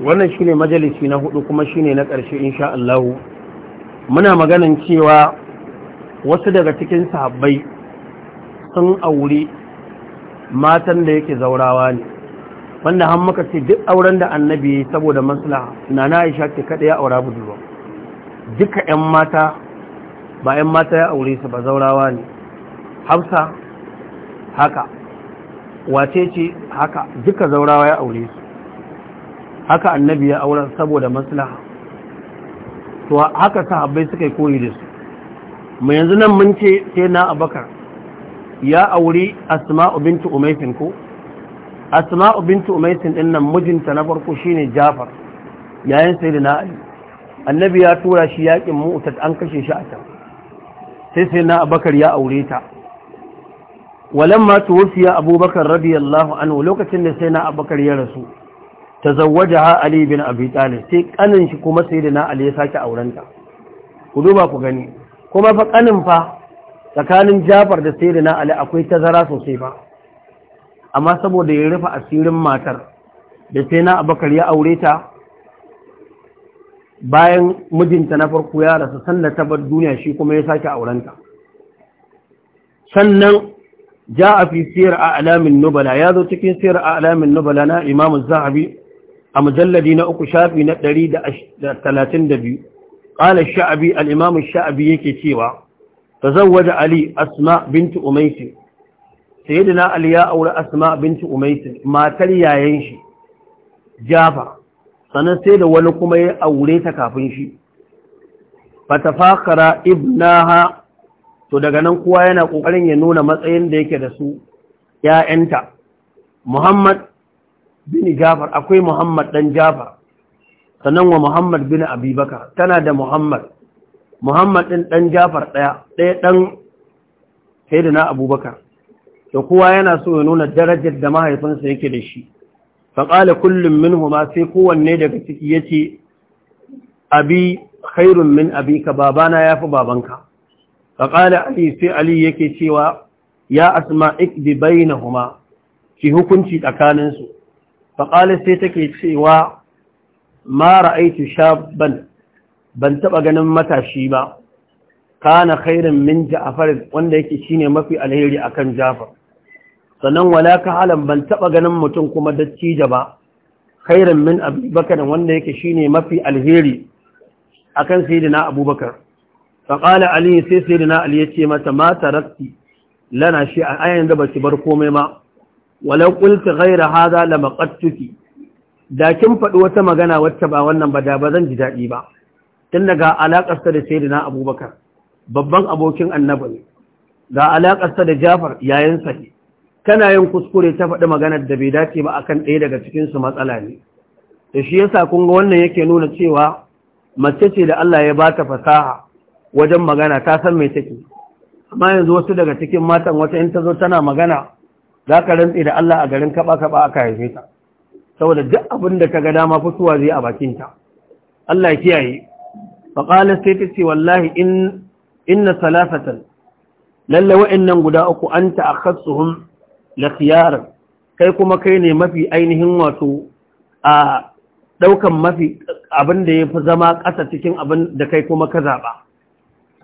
wannan shine majalisi na hudu kuma shine na ƙarshe insha Allah muna maganan cewa wasu daga cikin sahabbai sun aure matan da yake zaurawa ne wanda han muka ce duk auren da annabi saboda maslaha na na Aisha ce kada ya aura budurwa duka ƴan mata ba ƴan mata ya aure su ba zaurawa ne Hafsa haka wace ce haka duka zaurawa ya aure su haka annabi ya auren saboda maslaha to haka sahabbai suka yi koyi da su mu yanzu nan mun ce sai na abakar ya auri asma'u bintu umaysin ko asma'u bintu umaysin din nan mijinta na farko shine jafar yayin sai na ali annabi ya tura shi yakin mu'tad an kashe shi a can sai sai na abakar ya aure ta walamma tuwfiya abubakar radiyallahu anhu lokacin da sai na abakar ya rasu tazawwajaha ali bin abi talib sai kanin shi kuma sayyidina ali ya sake aurenta ku duba ku gani kuma fa kanin fa tsakanin Jafar da sayyidina ali akwai tazara sosai fa amma saboda ya rufe asirin matar da sai na abakar ya aure ta bayan mijinta na farko ya rasu sannan ta bar duniya shi kuma ya sake aurenta sannan جاء في سير أعلام a alamin nubala ya zo cikin siyar a alamin na a mujalladi na uku shafi na 132 qala da shabi al-imam ash-sha'bi yake cewa tazawwaja ali asma bint umays sayyidina ali ya aure asma bint umays matar yayan shi jafa sannan sai da wani kuma ya aure ta kafin shi fatafakara ibnaha to daga nan kowa yana kokarin ya nuna matsayin da yake da su ‘ya'yanta. Muhammad bin Jafar akwai Muhammad dan Jafar sannan wa Muhammad bin Abubakar tana da Muhammad Muhammad din dan Jafar daya daya dan Sayyidina Abubakar to kowa yana so ya nuna darajar da mahaifinsa yake da shi fa qala kullum minhuma sai kowanne daga ciki yace abi khairun min abika babana yafi babanka fa qala ali sai ali yake cewa ya asma ikdi bainahuma ki hukunci tsakaninsu faƙalis sai take cewa mara aiki shabban ban taɓa ganin matashi ba kana kairin min ja'far wanda yake shine mafi alheri akan ja'far sannan wala ka halan ban taɓa ganin mutum kuma dattija ba khairin min abubakar wanda yake shine mafi alheri akan sayyidina abubakar faƙala ali sai sayyidina ali ya ce mata mata tarakti lana shi a ayan da ba bar komai ma walau gaira, haza, hadha lamaqattuki da kin faɗi wata magana wacce ba wannan ba da ba zan ji daɗi ba tun daga alaƙarsa da sayyidina abubakar babban abokin annabi ne ga alaƙarsa da jafar yayin sa kana yin kuskure ta faɗi maganar da bai dace ba akan ɗaya daga cikinsu matsala ne da shi yasa kun ga wannan yake nuna cewa mace ce da Allah ya ba ta fasaha wajen magana ta san mai take amma yanzu wasu daga cikin matan wata in ta zo tana magana za ka rantse da Allah a garin kaba-kaba aka haife ta saboda duk abin da ka ga dama fitowa zai a bakinta Allah ya kiyaye faƙalar sai ta ce wallahi inna salafatan lalle wa'annan guda uku an ta'akhasuhum la khiyar kai kuma kai ne mafi ainihin wato a daukan mafi abin da yafi zama ƙasa cikin abin da kai kuma ka zaba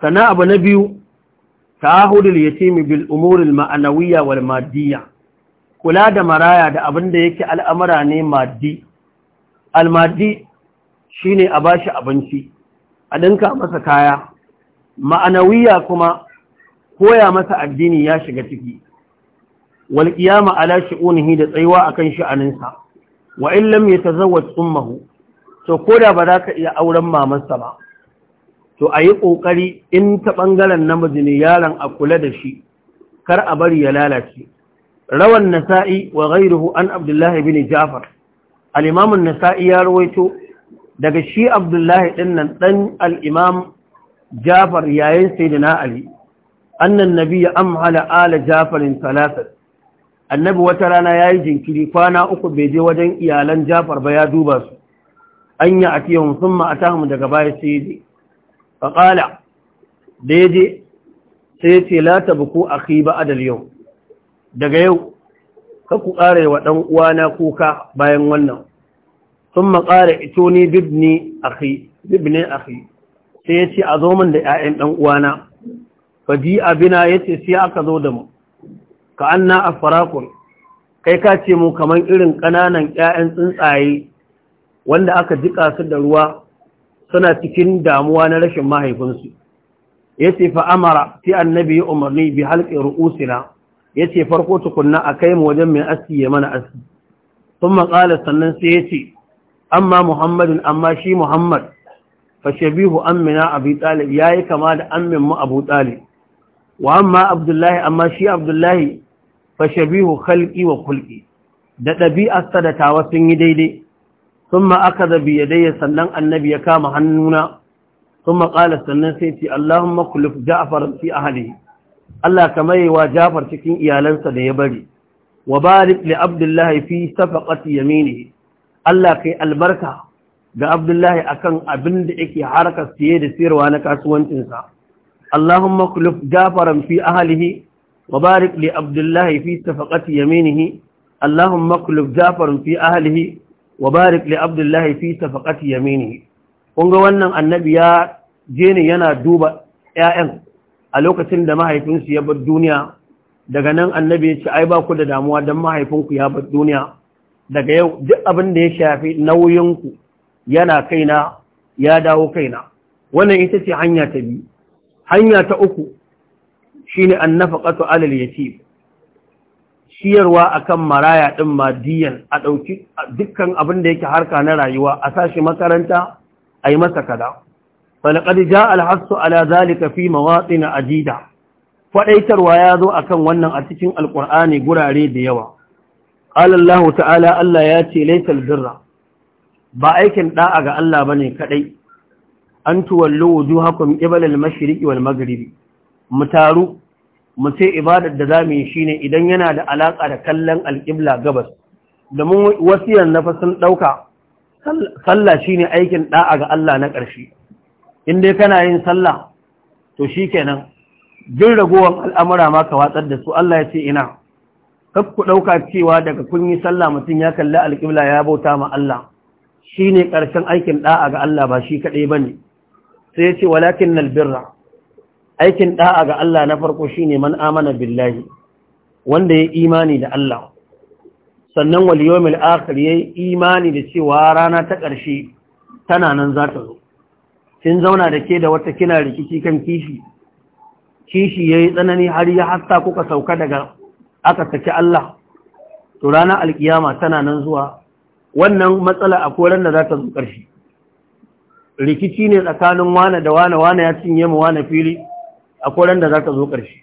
sana abu na biyu ta'ahudul yatimi bil umuril ma'anawiyya wal madiyya kula da maraya da abin da yake al'amura ne maddi al-maddi, shi ne a ba shi abinci a ɗinka masa kaya ma'anawiya kuma koya masa addini ya shiga ciki walƙiyama shi shi'unihi da tsayuwa akan sha'aninsa wa in lam yatazawwaj tsummahu to ko da ba za ka iya auren mamansa ba to a yi ƙoƙari in ta ɓangaren namiji ne yaron a kula da shi kar a bari ya lalace روى النسائي وغيره عن عبد الله بن جعفر الإمام النسائي يرويته daga shi abdullahi ɗinnan ɗan imam jafar yayin sai ali na'ali annan nabi amhala ala jafarin talatar annabi wata rana ya yi jinkiri kwana uku bai je wajen iyalan jafar ba ya duba su Anya yi a tiyon daga baya sai je faƙala da ya je sai ce lata buku a ba adal yau daga yau ka ku ƙare wa ɗan uwana kuka bayan wannan sun maƙara ito ni bibni ahi bibni ahi sai ya ce a zo min da 'ya'yan ɗan uwana fa ji abina ya ce sai aka zo da mu ka an na farakon. kai ka ce mu kamar irin ƙananan 'ya'yan tsuntsaye wanda aka jiƙa su da ruwa suna cikin damuwa na rashin mahaifinsu ya ce fa amara annabi ya umarni bi halƙe ru'usina ya ce farko tukunna a kai mu wajen mai aski ya mana aski sun makala sannan sai ya ce amma muhammadin amma shi muhammad fashabihu amina abu talib ya yi kama da amin mu abu talib wa amma abdullahi amma shi abdullahi fashabihu khalqi wa kulki da ɗabi'arsa da tawa sun yi daidai sun ma'aka ya daya sannan annabi ya kama hannuna sun maƙala sannan sai ce allahun makuluf ja'afar fi ahalihi Allah ka wa Jafar cikin iyalansa da ya bari wa barik li Abdullahi fi safaqati yaminihi Allah kai albarka ga Abdullahi akan abin da yake harkar siye da siyarwa na kasuwancinsa Allahumma kuluf Jafaran fi ahlihi wa barik li Abdullahi fi safaqati yaminihi Allahumma kuluf Jafaran fi ahlihi wa barik li Abdullahi fi safaqati yaminihi Kunga wannan annabi ya je yana duba 'ya'yan a lokacin da mahaifinsu ya bar duniya daga nan annabi ya ce ai ba ku da damuwa don mahaifinku ya bar duniya daga yau duk abin da ya shafi nauyinku yana kaina ya dawo kaina wannan ita ce hanya ta biyu hanya ta uku Shi ne nafa ƙasa alal ya yatim ciyarwa akan maraya ɗin madiyan a ɗauki dukkan abin da yake harka na rayuwa a sashi makaranta a yi masa kada falaƙar ja alhassu ala zalika fi mawatsi na ajida faɗaitarwa ya zo akan wannan a cikin alƙur'ani gurare da yawa ƙalallahu ta'ala Allah ya ce laisal birra ba aikin ɗa'a ga Allah ba ne kaɗai an tuwallo wuju hakun ibalil mashiriki wal magribi mu taru mu ce ibadar da za mu yi shine idan yana da alaƙa da kallon alƙibla gabas domin wasu yanzu fa sun ɗauka sallah shine aikin ɗa'a ga Allah na ƙarshe in dai kana yin sallah to kenan duk ragowar al'amura ma ka watsar da su Allah ya ce ina kar ɗauka cewa daga kun yi sallah mutum ya kalli alƙibla ya bauta ma Allah shi ne ƙarshen aikin ɗa'a ga Allah ba shi kaɗai ba ne sai ya ce walakin nalbirra aikin ɗa'a ga Allah na farko shi ne man amana billahi wanda ya imani da Allah sannan waliyomil akhir ya imani da cewa rana ta ƙarshe tana nan za ta zo kin zauna da ke da wata kina rikici kan kishi kishi yayi tsanani har ya hasta kuka sauka daga aka saki Allah to ranar alkiyama tana nan zuwa wannan matsala a koran da za ta zo ƙarshe rikici ne tsakanin wane da wane wane ya cinye mu wane fili a koran da za ta zo ƙarshe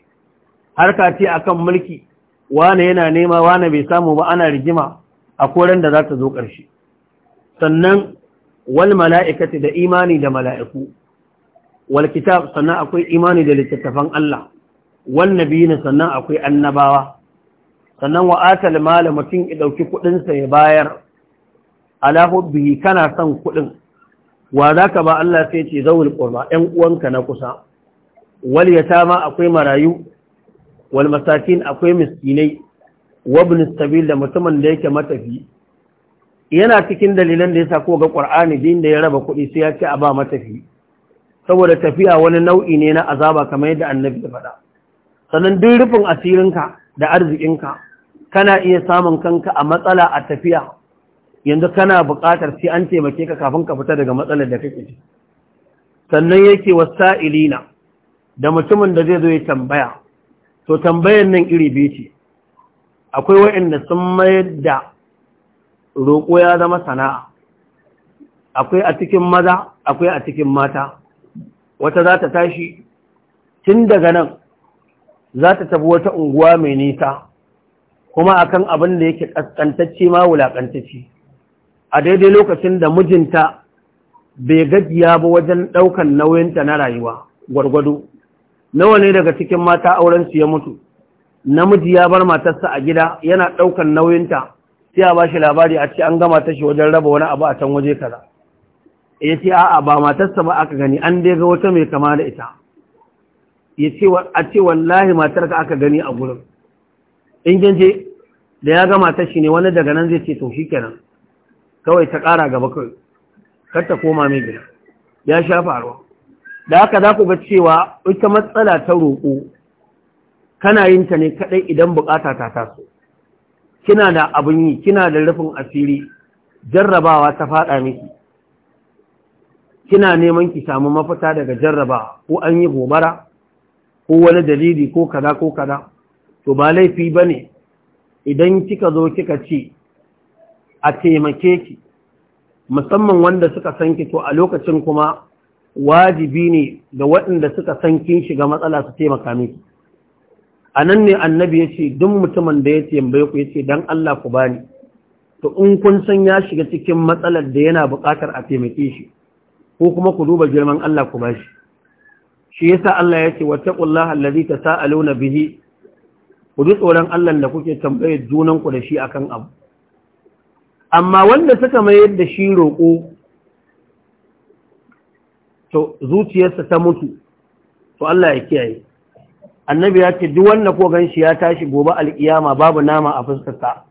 ka ce akan mulki wane yana nema wane bai samu ba ana rigima a koran da za ta zo ƙarshe sannan wal mala'ikati da imani da mala'iku wal kitab sannan akwai imani da littattafan Allah wal nabiyina sannan akwai annabawa sannan wa atal mala mutum ya ɗauki kuɗinsa ya bayar ala hubbihi kana son kuɗin. wa za ka ba Allah sai ce zaul qurba 'yan uwanka na kusa wal tama akwai marayu wal masakin akwai miskinai wabin stabil da mutumin da yake matafi yana cikin dalilan da ya sa ko ga ƙwar'ani din da ya raba kuɗi sai ya ce a ba matafi saboda tafiya wani nau'i ne na azaba kamar yadda annabi ya faɗa sannan duk rufin asirinka da arzikinka kana iya samun kanka a matsala a tafiya yanzu kana buƙatar sai an taimake ka kafin ka fita daga matsalar da kake ciki sannan yake sa'ilina da mutumin da zai zo ya tambaya to tambayar nan iri biyu ce akwai waɗanda sun mayar da roƙo ya zama sana'a akwai a cikin maza akwai a cikin mata wata za ta tashi tun daga nan za ta tafi wata unguwa mai nisa kuma a kan abin da yake ƙasƙantacce ma wulaƙantacce a daidai lokacin da mijinta bai gajiya ba wajen ɗaukan nauyinta na rayuwa gwargwado nawa ne daga cikin mata aurensu ya mutu namiji ya bar matarsa a gida yana ɗaukan nauyinta sai a shi labari a ce an gama tashi wajen raba wani abu a can waje kaza ya ce a'a ba matarsa ba aka gani an dai ga wata mai kama da ita ya ce a ce wallahi matarka aka gani a gurin in je da ya gama tashi ne wani daga nan zai ce to kenan kawai ta ƙara gaba kawai kar ta koma mai gida ya sha faruwa da haka za ku ga cewa ita matsala ta roƙo kana yin ta ne kaɗai idan buƙata ta taso kina da abin yi kina da rufin asiri jarrabawa ta faɗa miki kina neman ki samu mafita daga jarrabawa ko an yi gobara ko wani dalili ko kaza ko kaza to ba laifi bane idan kika zo kika ce a taimake ki musamman wanda suka san ki to a lokacin kuma wajibi ne ga waɗanda suka san kin shiga matsala su taimaka miki a nan ne annabi ya ce duk mutumin da ya tambaye ku ya ce don Allah ku bani to in kun san ya shiga cikin matsalar da yana buƙatar a taimake shi ko kuma ku duba girman Allah ku bashi. shi shi yasa Allah ya ce taqullaha allazi tasaaluna bihi ku ji tsoron Allah da kuke tambayar junan ku da shi akan abu amma wanda suka mayar da shi roƙo to zuciyarsa ta mutu to Allah ya kiyaye annabi ya ce duk wanda ko shi ya tashi gobe alkiyama babu nama a fuskarsa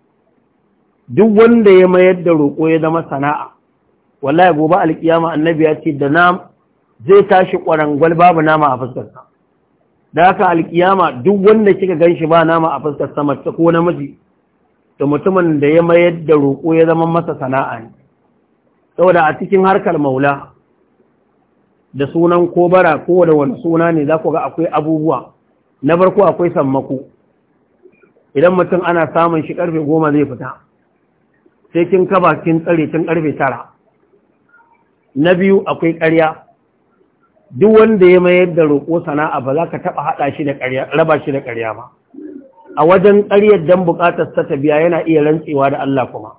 duk wanda ya mayar da roƙo ya zama sana'a wallahi gobe alkiyama annabi ya ce da nam zai tashi kwarangwal babu nama a fuskarsa da haka alkiyama duk wanda kika ganshi ba nama a fuskarsa mace ko namiji da mutumin da ya mayar da roƙo ya zama masa sana'a ne saboda a cikin harkar maula da sunan Kobara, ko da wani suna ne za ku ga akwai abubuwa na farko akwai sammako idan mutum ana samun shi karfe goma zai fita sai kin kaba kin tsare tun karfe tara na biyu akwai karya duk wanda ya mayar da roƙo sana'a ba za ka taɓa haɗa shi da karya raba shi da karya ba a wajen karyar dan buƙatar sa biya yana iya rantsewa da Allah kuma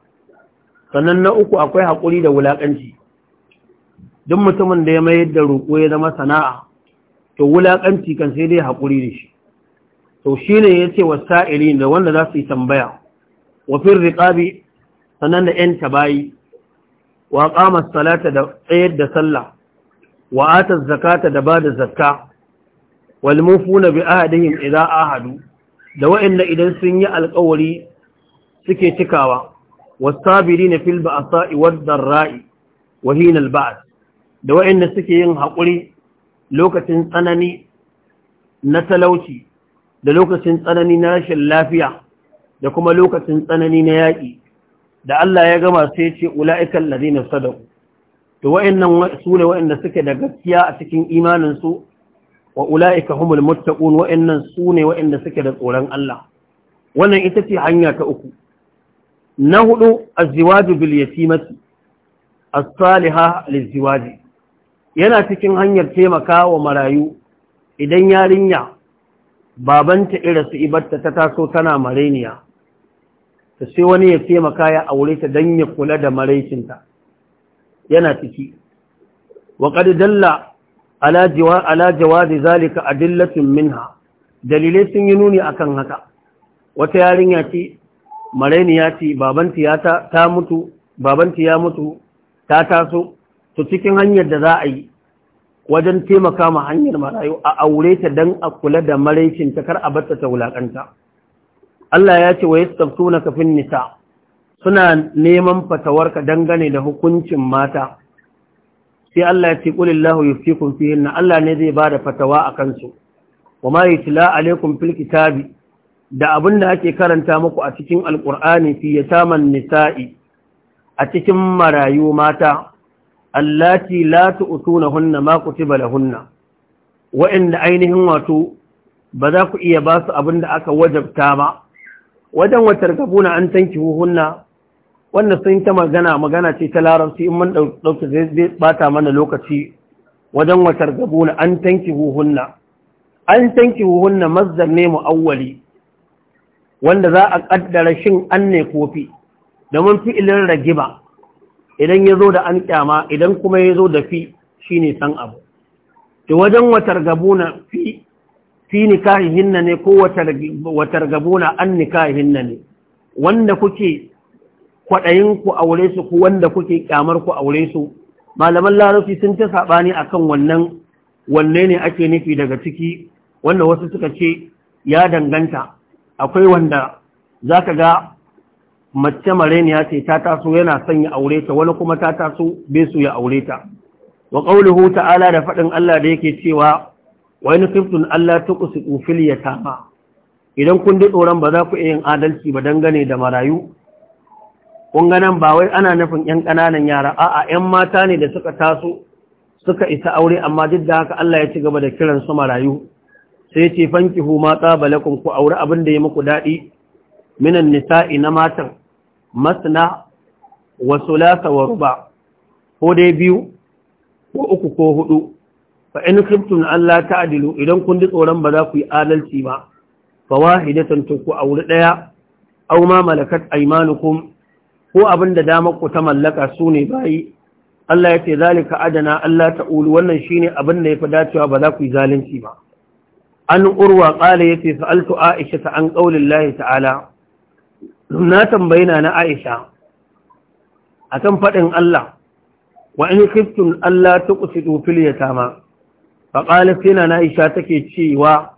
sannan na uku akwai haƙuri da wulaƙanci duk mutumin da ya mayar da roƙo ya zama sana'a to wulaƙanci kan sai dai haƙuri da shi to shi ne ya ce wasa'ili da wanda za su yi tambaya wafin riƙabi sannan da ‘yan tabayi wa ƙamar salata da tsayar da sallah wa atar zakata da ba da zakka walmufu na bi ahadihim idan ahadu da wa'inda idan sun yi alƙawari suke cikawa wasabiri na fil a iwar zarra'i wahinal ba'as da wa'inda suke yin haƙuri lokacin tsanani na talauci da lokacin tsanani na rashin lafiya da kuma lokacin tsanani na yaƙi da Allah ya gama sai ce ula'ikan ladina sadaku to wa'annan su ne suke da gaskiya a cikin imanin su wa ula'ika humul muttaqun wa'annan su ne suke da tsoron Allah wannan ita ce hanya ta uku na hudu azziwaju bil yatimati as-saliha lizziwaji yana cikin hanyar taimaka wa marayu idan yarinya babanta irasu ibarta ta taso tana mareniya ta sai wani ya taimaka ya aure ta don ya kula da maraicinta yana ciki waƙar dalla ala jawazi zalika adillatun minha dalilai sun yi nuni kan haka wata yarinya ce mareniya ce ya mutu babanta ya mutu ta taso to cikin hanyar da za a yi wajen taimaka ma hanyar marayu a aure ta don a kula da maraicin ta kar a batta ta wulaƙanta. Allah ya ce wa yastafsuna na kafin nisa suna neman fatawarka dangane da hukuncin mata sai Allah ya ce kun yuftikum fihinna Allah ne zai bada fatawa akan su wama yutla alaikum fil kitabi da abin da ake karanta muku a cikin alƙur'ani fi ya saman nisa'i a cikin marayu mata allati la tu'tunahunna ma kutiba lahunna inda ainihin wato ba za ku iya ba su abin da aka wajabta ba wajen watar gabuna an tanki hunna wanda sun ta magana magana ce ta larabci in mun ɗauke zai bata mana lokaci wajen watar gabuna an tanki hunna an tanki hunna mazdar ne mu mu'awwali wanda za a ƙaddara shin an ne kofi domin fi'ilin ragiba idan ya zo da an kyama idan kuma ya zo da fi shi ne san abu ta wajen watar gabuna fi fi nikahihin ne ko watar gabuna an nikahihin ne wanda kuke kwaɗayin ku aure su ko wanda kuke kyamar ku aure su malaman larufi sun ta saɓani kan wannan wanne ne ake nufi daga ciki wanda wasu suka ce ya danganta akwai wanda za ka ga mace ya ce ta taso yana son ya aure ta wani kuma ta taso bai su ya aure ta wa qauluhu ta'ala da fadin Allah da yake cewa wa in kuntum alla tuqsitu fil yatama idan kun dai tsoron ba za ku yin adalci ba dangane da marayu kun ga nan ba wai ana nufin yan ƙananan yara a'a yan mata ne da suka taso suka isa aure amma duk da haka Allah ya ci gaba da kiran su marayu sai ya ce fankihu ma qabalakum ku aure abin da ya muku dadi minan nisa'i na matan masana wa sulasa wa ruba ko dai biyu ko uku ko hudu fa in allah ta adilu idan kun ji tsoron ba za ku yi adalci ba fa wahidatan to ku aure daya aw ma malakat aymanukum ko abin da damar ku ta mallaka su ne bayi Allah ya ce zalika adana Allah ta'ulu wannan shine abin da yafi dacewa ba za ku yi zalunci ba an urwa qala yace altu aisha an qaulillahi ta'ala na tambayi na na Aisha A kan faɗin Allah wa in khiftum Allah tuqsidu fil yatama fa qalat na Aisha take cewa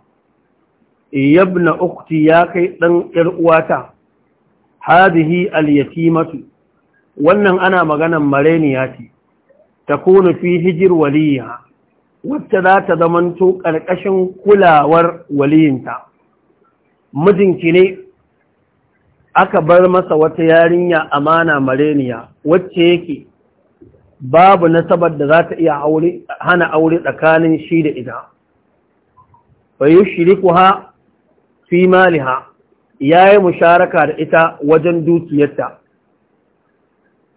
yabna ukti ya kai ɗan yar uwata Aliyati al yatimatu wannan ana maganan mareniya ce Ta kone fi hijir waliya wacce za ta zamanto ƙarƙashin kulawar waliyinta mijinki ne aka bar masa wata yarinya amana mareniya wacce yake babu nasabar da za ta iya hana aure tsakanin shi da ita bayu shirikuha fi maliha ya yi musharaka da ita wajen dukiyarta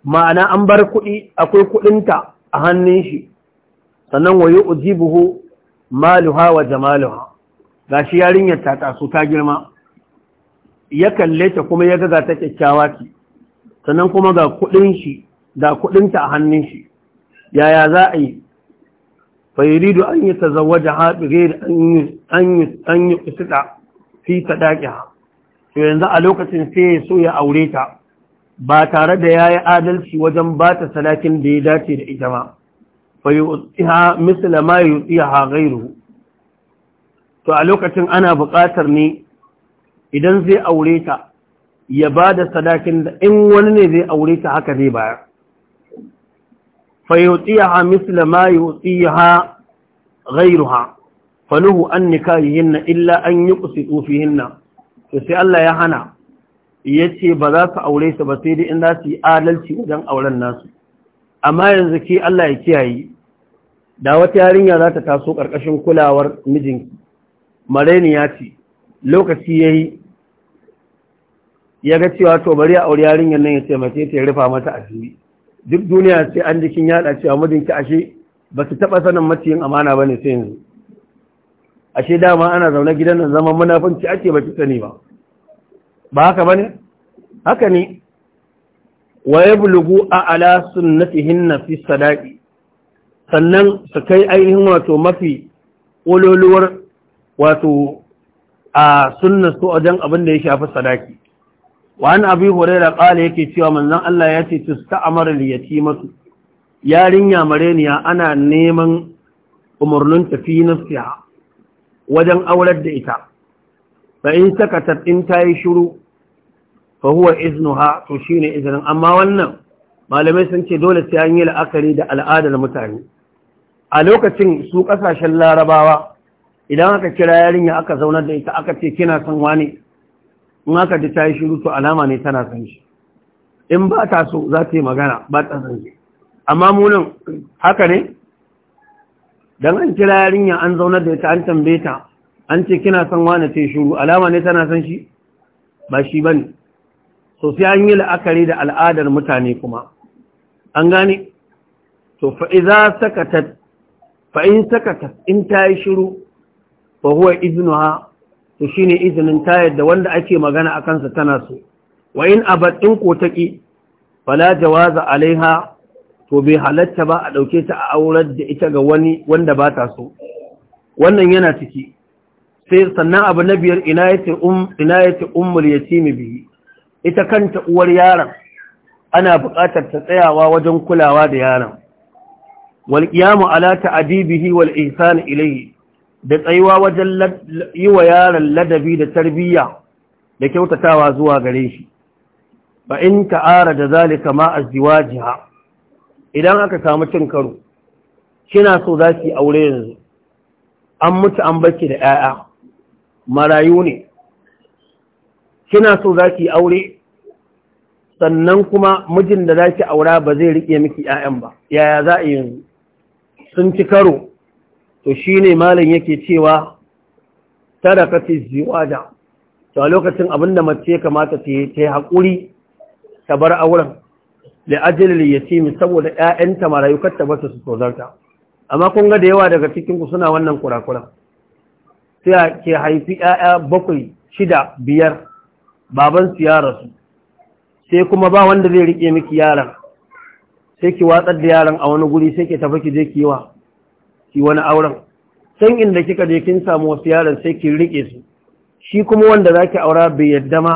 ma'ana an bar kuɗi akwai kuɗinta a hannun shi sannan wayo ujibuhu maluha wa jamaluha gashi yarinyar ta taso ta girma ya kalle ta kuma ya gaza ta kyakkyawa ce sannan kuma ga kudin shi da ta a hannun shi yaya za a yi fayiridu an yi ta haɗire da an yi kusita fi ta daƙiha to yanzu a lokacin sai ya so ya aure ta ba tare da ya yi adalci wajen ba ta salakin da ya dace da ita ma fayyutsiha misali yi gairu to a lokacin ana buƙatar ne idan zai aure ta ya ba da sadakin da in wani ne zai aure ta haka zai bayar fayyautsiya ha misla ma yautsiya ha gairu ha fanuhu an kayi na illa an yi kusi tsofi na to sai Allah ya hana ya ce ba za su aure su ba sai dai in za su yi adalci wajen auren nasu amma yanzu ke Allah ya kiyaye da wata yarinya za ta taso ƙarƙashin kulawar mijinki mareniya ce lokaci ya yi ya ga cewa to bari a aure yarinyar nan ya taimake ta ya rufa mata asiri duk duniya sai an jikin yada cewa mijinki ashe ba su taɓa sanin maciyin amana ba ne sai yanzu ashe dama ana zaune gidan nan zaman munafunci ake ba ki sani ba ba haka ba ne haka ne wa ya bulugu a ala sunnatihin fi sadaki sannan su kai ainihin wato mafi ololuwar wato a sunna su wajen abin da ya shafi sadaki wa an abi huraira qala yake cewa manzon Allah ya ce tusta'mar al yatimatu yarinya mareniya ana neman umarnin tafi nafsiha wajen aurar da ita fa in ta in tayi shiru fa huwa iznuha to shine izinin amma wannan malamai sun ce dole sai an yi la'akari da al'adar mutane a lokacin su ƙasashen larabawa idan aka kira yarinya aka zaunar da ita aka ce kina son wani in aka ta yi shiru to alama ne tana san shi in ba ta so za ta yi magana ba ta san shi amma munin haka ne don an kira yarinya an zaunar da ta an tambaye ta an ce kina san wane ce shiru alama ne tana san shi ba shi ba ne so sai an yi la'akari da al'adar mutane kuma an gane to fa'iza sakatat fa'in sakatat in ta yi shiru ba huwa ha? to ne izinin ta yadda wanda ake magana a kansa tana so wa in abaɗin kotaki kotaki? fala jawaza alaiha to bai halatta ba a ɗauke ta a aurar da ita ga wani wanda ba ta so wannan yana ciki sai sannan abu na biyar ina yace ce umar ya bihi ita kanta uwar yaron ana buƙatar ta tsayawa wajen kulawa da yaron wal qiyamu ala ta'dibihi wal ihsan ilayhi da tsayuwa wajen yi wa yaron ladabi da tarbiyya da kyautatawa zuwa gare shi ba in ka ara da zalika ma jiha. idan aka samu cin karo kina so za ki aure yanzu an mutu an baki da 'ya'ya marayu ne kina so za ki aure sannan kuma mijin da za ki aura ba zai riƙe miki 'ya'yan ba yaya za a yanzu sun ci karo to shi ne malam yake cewa ziwa da to a lokacin da mace ya kamata ta yi ta haƙuri ta bar auren da ajiyar mi saboda ‘ya'yanta marayu katta ba su tozarta amma kun ga da yawa daga cikinku suna wannan kurakuran sai ke haifi ‘ya'ya bakwai shida biyar babansu ya rasu sai kuma ba wanda zai riƙe miki yaran sai ki watsar da yaran a wani guri sai ke tafi ki je ki yi wa ki wani auren can inda kika je kin samu wasu yaran sai ki rike su shi kuma wanda zaki aura bai yadda ma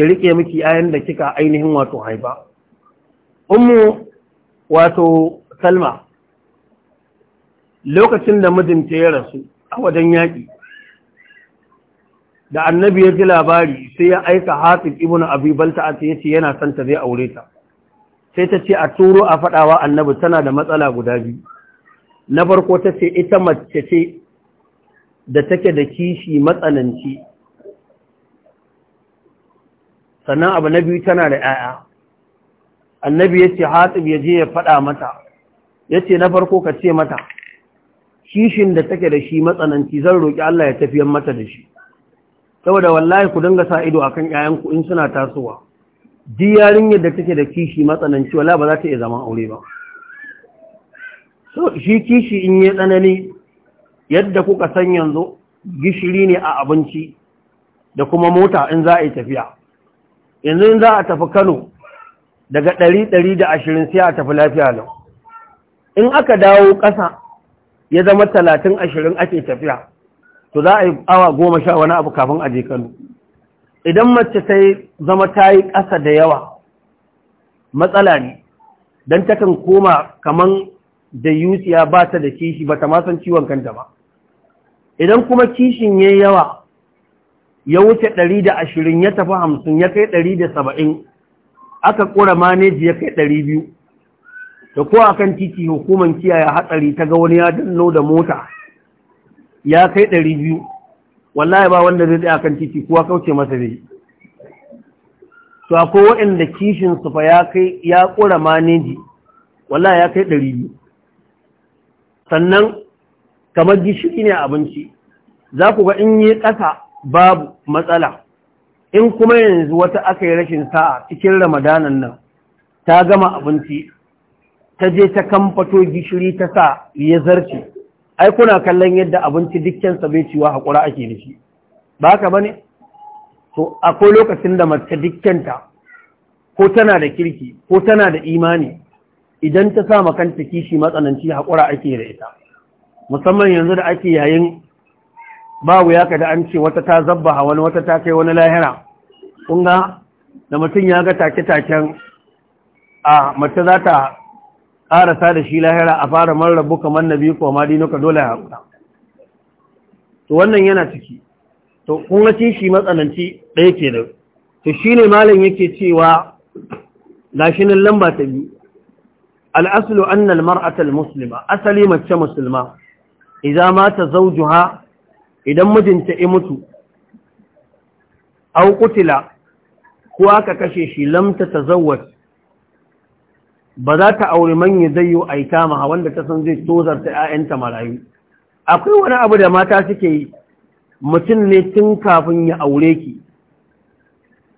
ya rike miki yayan da kika ainihin wato haifa ummu wato salma lokacin da mijinta ya rasu a wajen yaƙi da annabi ya ji labari sai ya aika hafiz ibn abi a ya ce yana son ta zai aure ta sai ta ce a turo a faɗawa annabi tana da matsala guda biyu na farko ta ce ita mace ce da take da kishi matsananci sannan abu na biyu tana da 'ya'ya annabi ya ce hatsib ya je ya faɗa mata ya ce na farko ka ce mata kishin da take da shi matsananci zan roƙi Allah ya tafiyan mata da shi saboda wallahi ku dinga sa ido akan ƴaƴanku in suna tasowa duk yarinyar da take da kishi matsananci wala ba za ta iya zama aure ba so shi kishi in yi tsanani yadda kuka san yanzu gishiri ne a abinci da kuma mota in za a yi tafiya yanzu in za a tafi kano daga ɗari da ashirin sai a tafi lafiya lau in aka dawo ƙasa ya zama talatin ashirin ake tafiya to za a yi awa goma sha wani abu kafin aje kano idan mace ta zama ta yi ƙasa da yawa matsala ne don takan koma kaman da yusiya ba ta da kishi ba ta masan ciwon kanta ba idan kuma kishin ya yawa ya wuce ɗari da ashirin ya tafi hamsin ya kai ɗari da saba'in aka ƙura maneji ya kai ɗari biyu da ko a kan titi hukuman kiyaye hatsari ta ga wani ya danno da mota ya kai ɗari biyu wallahi ba wanda zai tsaye kan titi kuwa kauce masa zai to akwai waɗanda kishin su fa ya kai ya ƙura maneji wallahi ya kai ɗari biyu sannan kamar gishiri ne abinci za ku ga in yi ƙasa babu matsala in kuma yanzu wata aka yi rashin sa'a cikin ramadanan nan ta gama abinci ta je ta kamfato gishiri ta sa ya zarce ai kuna kallon yadda abinci dukkansa bai ciwa haƙura ake da shi ba ka ba ne? to akwai lokacin da mace dukkanta ko tana da kirki ko tana da imani idan ta sa makanta kishi matsananci haƙura ake da ita musamman yanzu da ake yayin babu ya kada an ce wata ta zabba wani wata ta kai wani lahira ƙunga da mutum ya ga take-taken a mace za ta ƙarasa da shi lahira a fara marar kamar na biyu kuma ka dole haƙura to wannan yana ciki to kunga kishi matsananci ɗaya ke da to shi ne malam yake cewa gashinan lamba ta biyu al'aslu annal mar'atal muslima asali mace musulma idan mata zaujuha idan mijinta ya mutu au kutila ko aka kashe shi lamta tazawwaj ba za ta aure a yadayyu aitamaha wanda ta san zai tozarta 'ya'yanta marayu akwai wani abu da mata suke yi mutum ne tun kafin ya aure ki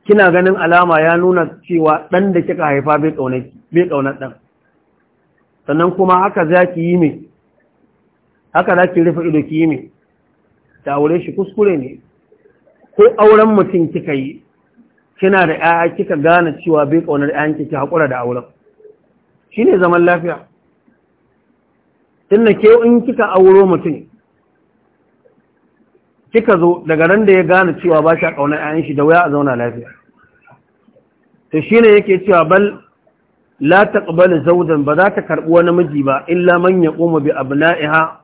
kina ganin alama ya nuna cewa ɗan da kika haifa bai ɗaunar ɗan sannan kuma haka za ki yi mai haka za ki rufe ido ki yi mai ta aure shi kuskure ne ko auren mutum kika yi kina da ‘ya'ya kika gane cewa bai ƙaunar ‘ya'yan kika haƙura da auren shi ne zaman lafiya tunda ke in kika auro mutum kika zo daga ran da ya gane cewa ba shi a ƙaunar ‘ya'yan shi da wuya a zauna lafiya to shi ne yake cewa bal la taqbalu zawjan ba za ta karbi wani namiji ba illa man yaqumu bi abna'iha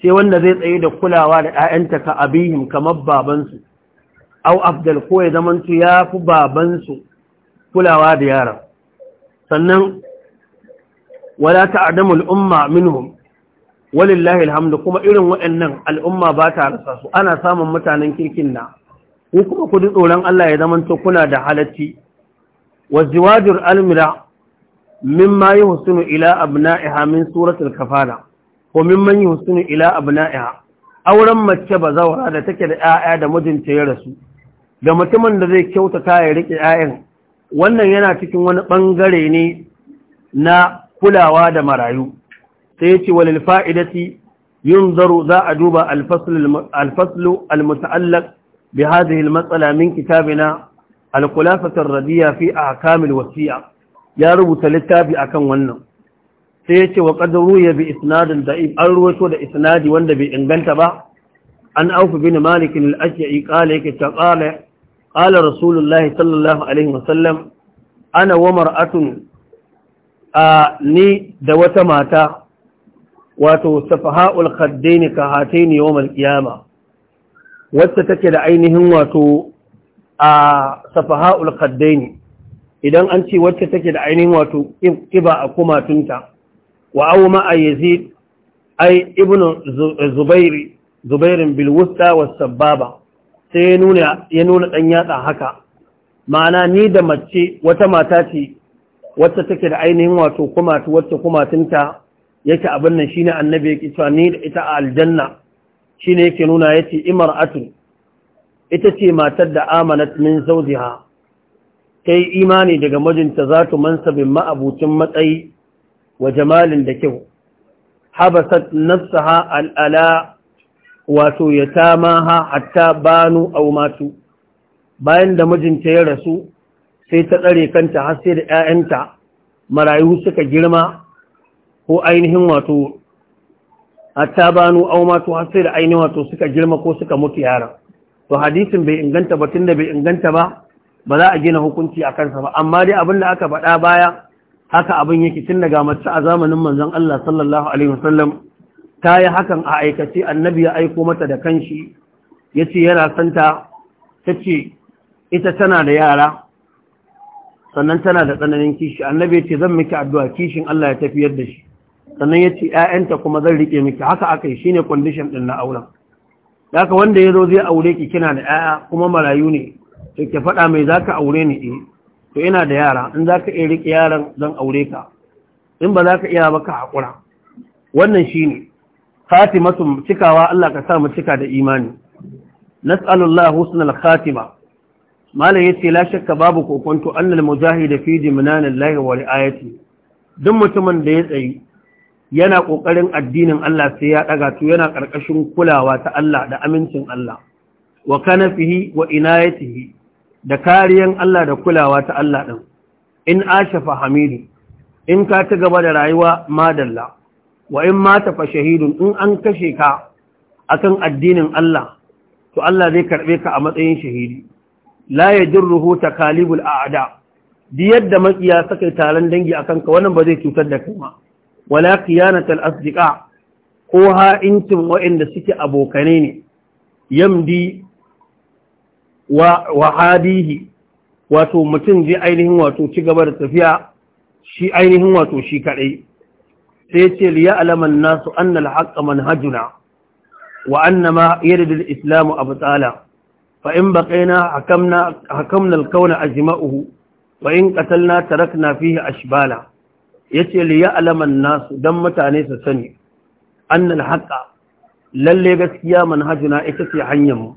sai wanda zai tsaye da kulawa da 'ya'yanta ka abihim kamar babansu au afdal ko ya zamanto ya fi babansu kulawa da yaran sannan wala ta'damu al-umma minhum walillahi alhamdu kuma irin waɗannan al'umma ba ta rasa su ana samun mutanen kirkin na ku kuma ku tsoron Allah ya zamanta kuna da halacci wa ziwajur almira mimma yuhsinu ila abna'iha min suratul kafala ko mimman yuhsinu ila auren mace bazawara da take da 'ya'ya da mijinta ya rasu da mutumin da zai kyauta ya rike 'ya'yan wannan yana cikin wani bangare ne na kulawa da marayu sai yace ce walil fa'idati yunzaru za a duba alfaslu almuta'allaq bi hadhihi almas'ala min kitabina alkhulafatur radiya fi ahkamil wasiya ya rubuta littafi akan wannan sai ya ce wa ƙadaru ya bi isnadin da'if an ruwato da isnadi wanda bai inganta ba an auku bin malikin al'ashi'i ƙala yake ta ƙala ƙala rasulullahi sallallahu alaihi wasallam ana wa mar'atun a ni da wata mata wato safaha'ul khaddaini ka hataini yawmal qiyama wacce take da ainihin wato a safaha'ul khaddaini idan an ce wacce take da ainihin wato ƙiba a kumatunta wa awu a yazid ai ibn zubairi zubairin bilwusta wa sababa sai ya nuna ɗan yatsa haka ma'ana ni da mace wata mata ce wacce take da ainihin wato kumatu wacce kumatunta yake abin nan ne annabi ya kisa ni da ita a aljanna shi ne yake nuna ya ce. Imar Atun ita ce matar da amanat min zauziha. ta yi imani daga mijinta za tu mansabin ma'abucin matsayi wa jamalin da kyau habasat nafsaha al'ala wato ya ha hatta banu au matu bayan da mijinta ya rasu sai ta tsare kanta har sai da 'ya'yanta marayu suka girma ko ainihin wato hatta banu au matu har sai da ainihin wato suka girma ko suka mutu yara to hadisin bai inganta ba tun da bai inganta ba ba za a gina hukunci a kansa ba amma dai abin da aka faɗa baya haka abin yake tun daga mace a zamanin manzon Allah sallallahu alaihi wasallam ta yi hakan a aikace annabi ya aiko mata da kanshi yace yana santa tace ita tana da yara sannan tana da tsananin kishi annabi yace zan miki addu'a kishin Allah ya tafiyar da shi sannan yace 'ya'yanta kuma zan rike miki haka akai shine condition din na auren haka wanda ya zo zai aure ki kina da 'ya'ya kuma marayu ne to ke faɗa mai za ka aure ni eh to ina da yara in za ka iya riƙe yaran zan aure ka in ba za ka iya ba ka haƙura wannan shi ne khatimatu cikawa Allah ka sa mu cika da imani nas'alullahu husnal khatima malam yace la shakka babu kokonto annal mujahid fi jimnanillahi wa riayati duk mutumin da ya tsayi yana kokarin addinin Allah sai ya daga to yana karkashin kulawa ta Allah da amincin Allah wa kanafihi wa inayatihi da kariyan Allah da kulawa ta Allah ɗin in ashafa hamidi in ka ta gaba da rayuwa madalla wa in mata fa shahidun in an kashe ka akan addinin Allah to Allah zai karɓe ka a matsayin shahidi la Kalibul kalibul a'da di yadda maƙiya suka taron dangi a kanka, wannan ba zai cutar da kai ma wala qiyanatul asdiƙa ko haincin waɗanda suke abokane ne yamdi wa hadihi wato mutum zai ainihin wato ci gaba da tafiya shi ainihin wato shi kaɗai sai ce liya alaman nasu annal haƙa manhajuna wa annama yadda islamu abu tsala fa'in baƙaina hakamnal kauna a jima'uhu fa'in ƙatalna tarakna fiye a shibala ya ce liya alaman nasu don mutane su sani annal haƙa lalle gaskiya manhajuna ita ce hanyarmu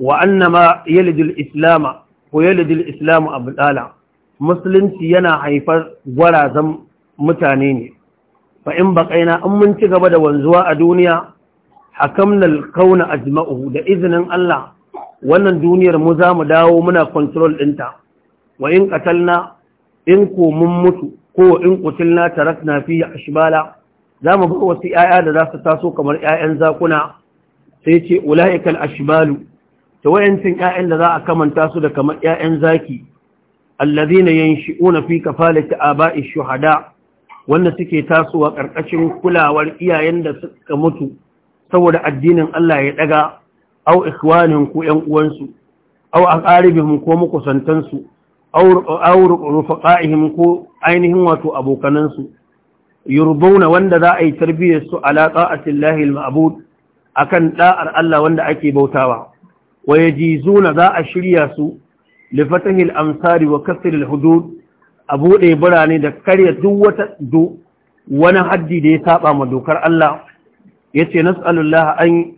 wa annama yalidul islama ko yalidul islamu abdala musulunci yana haifar gwarazan mutane ne fa in in mun ci gaba da wanzuwa a duniya hakamnal kauna ajma'uhu da izinin Allah wannan duniyar mu za mu dawo muna control ɗinta wa in qatalna in ko mun mutu ko in qutilna tarakna fi ashbala za mu bar wasu 'ya'ya da za su taso kamar 'ya'yan zakuna sai ce ula'ikal ashbalu ta wayancin ƴaƴan da za a kamanta su da kamar ƴaƴan zaki alladhina yanshi'una fi kafalati aba'i shuhada wanda suke tasowa ƙarƙashin kulawar iyayen da suka mutu saboda addinin Allah ya daga aw ikhwanihim ko ƴan uwansu aw aqaribihim ko makusantansu aw rufaqa'ihim ko ainihin wato abokanansu yurbuna wanda za a yi tarbiyyar su ala ta'atillahi al-ma'bud akan da'ar Allah wanda ake bautawa wa yajizuna za a shirya su li fatahil amsari wa kasril hudud a buɗe birane da karya duk wata wani haddi da ya saba ma dokar Allah yace nas'alullah an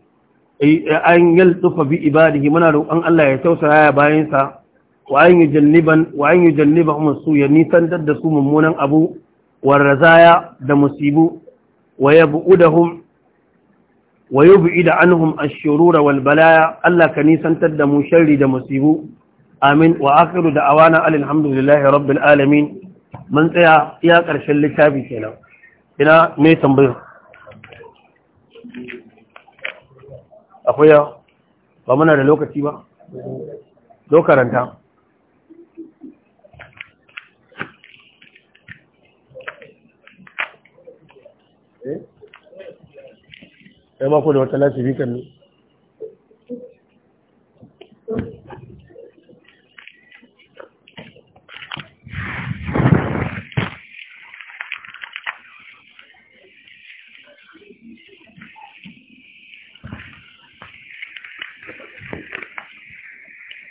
an yaltufa bi ibadihi muna roƙon Allah ya tausaya bayan sa wa an yujanniban wa an yujannibahum su ya nisan da su mummunan abu warazaya da musibu wa yabudahum wa da anhum ash-shurura wal balaya Allah ka nisantar da mu sharri da musibu amin wa da awana alhamdulillahi rabbil alamin mun tsaya iya ƙarshen littafi kenan ina mai tambayar akwai ba muna da lokaci ba zo karanta ya mako ku da wata lasifi kan ne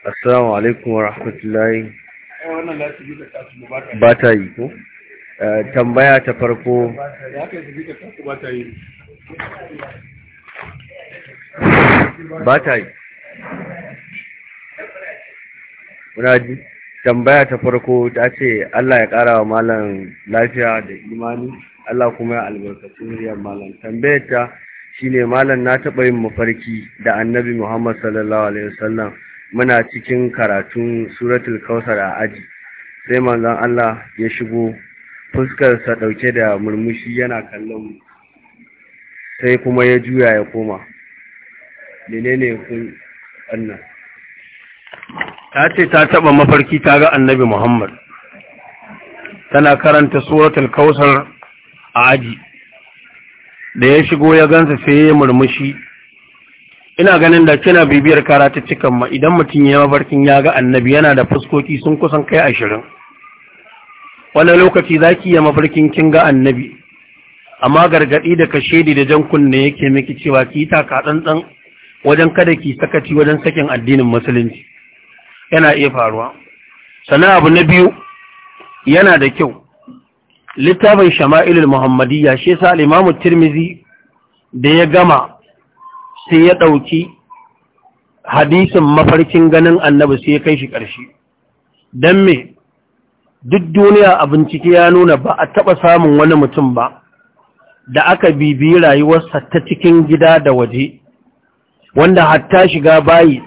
Assalamu alaikum wa rahmatullahi. Ba ta yi ko? Eh, tambaya ta farko. ba ta yi muna tambaya ta farko ta ce Allah ya ƙara wa malam lafiya da imani Allah kuma ya albarkaci muryar malam tambayar ta shine malam na taɓa yin mafarki da annabi Muhammad sallallahu alaihi wasallam muna cikin karatun suratul kausar a aji sai manzon Allah ya shigo fuskarsa ɗauke da murmushi yana kallon sai kuma ya juya ya koma menene kun annan ta ce ta taba mafarki ta ga annabi Muhammad tana karanta suratul kausar a aji da ya shigo ya gansa sai ya murmushi ina ganin da kina bibiyar karatu cikan ma idan mutum ya mafarkin ya ga annabi yana da fuskoki sun kusan kai ashirin wani lokaci za ki yi mafarkin kin ga annabi amma gargaɗi da kashedi da jan kunne yake miki cewa ki ta ka tsantsan wajen kada ki sakaci wajen sakin addinin musulunci yana iya faruwa sannan abu na biyu yana da kyau littafin shama'ilul muhammadiyya shi yasa al-imamu tirmizi da ya gama sai ya ɗauki hadisin mafarkin ganin annabi sai ya kai shi ƙarshe don me duk duniya a bincike ya nuna ba a taɓa samun wani mutum ba da aka bibiyi rayuwarsa ta cikin gida da waje wanda hatta shiga bayi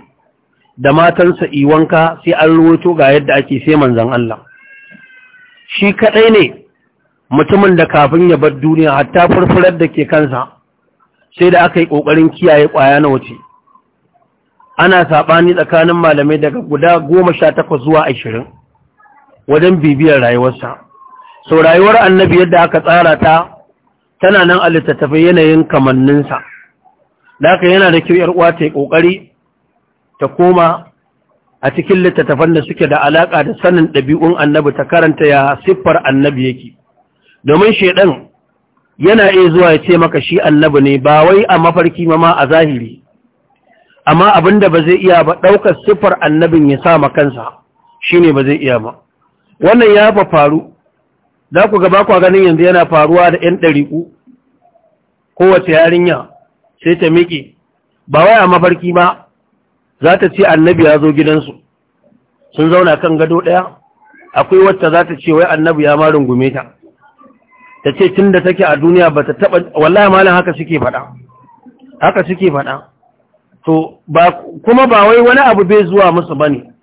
da matansa iwanka sai an ruwato ga yadda ake sai manzan Allah shi kaɗai ne mutumin da kafin ya bar duniya hatta furfurar da ke kansa sai da aka yi ƙoƙarin kiyaye ƙwaya na wuce ana saɓani tsakanin malamai daga guda goma sha takwas zuwa ashirin wajen bibiyar rayuwarsa sau rayuwar annabi yadda aka tsara ta tana nan a littattafai yanayin kamanninsa Daka yana da kyau uwa ta yi ƙoƙari ta koma a cikin littattafan da suke da alaƙa da sanin ɗabi'un annabi ta karanta ya siffar annabi yake. Domin shaiɗan yana iya zuwa ya ce maka shi annabi ne ba wai a mafarki ma a zahiri, amma abin da ba zai iya ba ɗaukar siffar annabin ya sa kansa shi ne ba zai iya ba. Wannan ya fa faru, za ku gaba kwa ganin yanzu yana faruwa da ‘yan ɗariƙu kowace yarinya. sai ta miƙe ba wai a mafarki ba za ta ce annabi ya zo gidansu sun zauna kan gado ɗaya akwai wacce za ta ce wai annabi ya ma rungume ta ta ce tun da take a duniya ba ta taɓa wallahi malam haka suke faɗa haka suke faɗa to ba kuma ba wai wani abu bai zuwa musu bane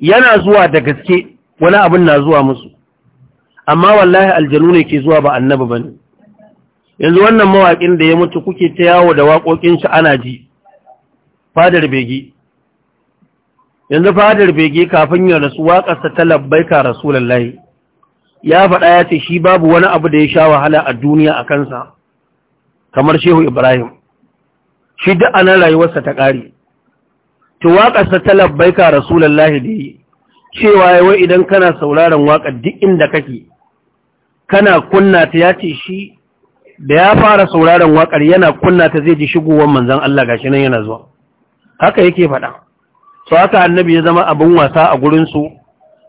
yana zuwa da gaske wani abin na zuwa musu amma wallahi aljanu ne ke zuwa ba annabi bane yanzu wannan mawaƙin da ya mutu kuke ta yawo da waƙoƙin shi ana ji fadar begi yanzu fadar bege kafin ya rasu waƙarsa ta labbaika rasulullahi ya faɗa ya ce shi babu wani abu da ya sha wahala a duniya a kansa kamar shehu ibrahim shi duk nan rayuwarsa ta ƙare ta waƙarsa ta labbaika rasulullahi da yi cewa yawa idan kana sauraron waƙar duk inda kake kana kunna ta yace shi da ya fara sauraron waƙar yana kunna ta zai ji shigowar manzan Allah gashi nan yana zuwa haka yake faɗa so haka annabi ya zama abin wasa a gurinsu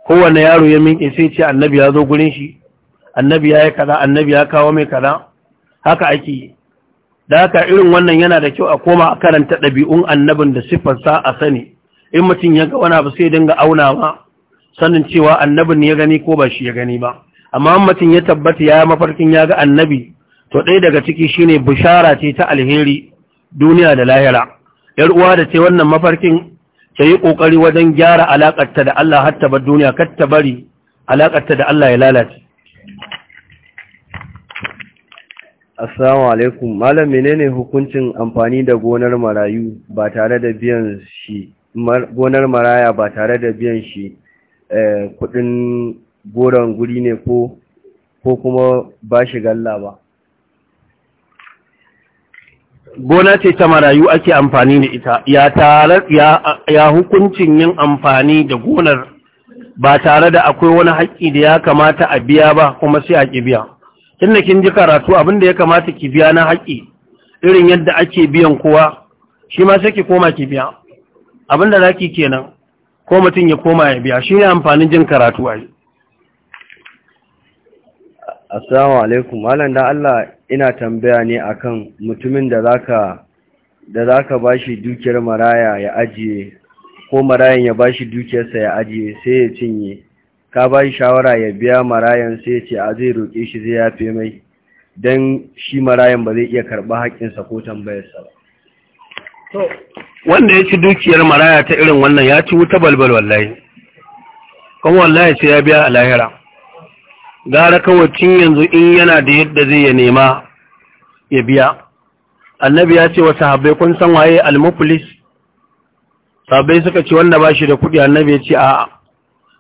kowane yaro ya minke sai ce annabi ya zo gurin shi annabi ya yi kaza annabi ya kawo mai kaza haka ake yi da haka irin wannan yana da kyau a koma a karanta ɗabi'un annabin da siffarsa a sani in mutum ya ga wani abu sai dinga auna ba, sanin cewa annabin ya gani ko ba shi ya gani ba amma mutum ya tabbata ya mafarkin ya ga annabi to ɗaya daga ciki shine bishara ce ta alheri duniya da lahira yar uwa da ce wannan mafarkin ta yi ƙoƙari wajen gyara alaƙarta da Allah har bar duniya kar bari alaƙarta da Allah ya lalace Assalamu alaikum malam menene hukuncin amfani da gonar marayu ba tare da biyan shi gonar maraya ba tare da biyan shi eh, kuɗin goron guri ne ko ko kuma ba shi galla ba gona ce ta marayu ake amfani da ita ya tare ya hukuncin yin amfani da gonar ba tare da akwai wani haƙƙi da ya kamata a biya ba kuma sai a biya inda kin ji karatu abin da ya kamata ki biya na haƙƙi irin yadda ake biyan kowa shi ma sai ki koma ki biya abin da zaki kenan ko mutum ya koma ya biya shi ne amfanin jin karatu a yi assalamu alaikum malam da Allah ina tambaya ne akan mutumin da zaka da zaka bashi dukiyar maraya ya ajiye ko marayan ya bashi dukiyarsa ya ajiye sai ya cinye ka bashi shawara ya biya marayan sai ya ce a zai roƙe shi zai yafe mai don shi marayan ba zai iya karɓa haƙƙinsa ko tambayarsa ba wanda ya ci dukiyar maraya ta irin wannan ya ci wuta balbal wallahi kuma wallahi sai ya biya a lahira gara kawai kawacin yanzu in yana da yadda zai ya nema ya biya annabi ya ce wa sahabbai kun san waye al suka ce wanda ba shi da kuɗi annabi ya ce a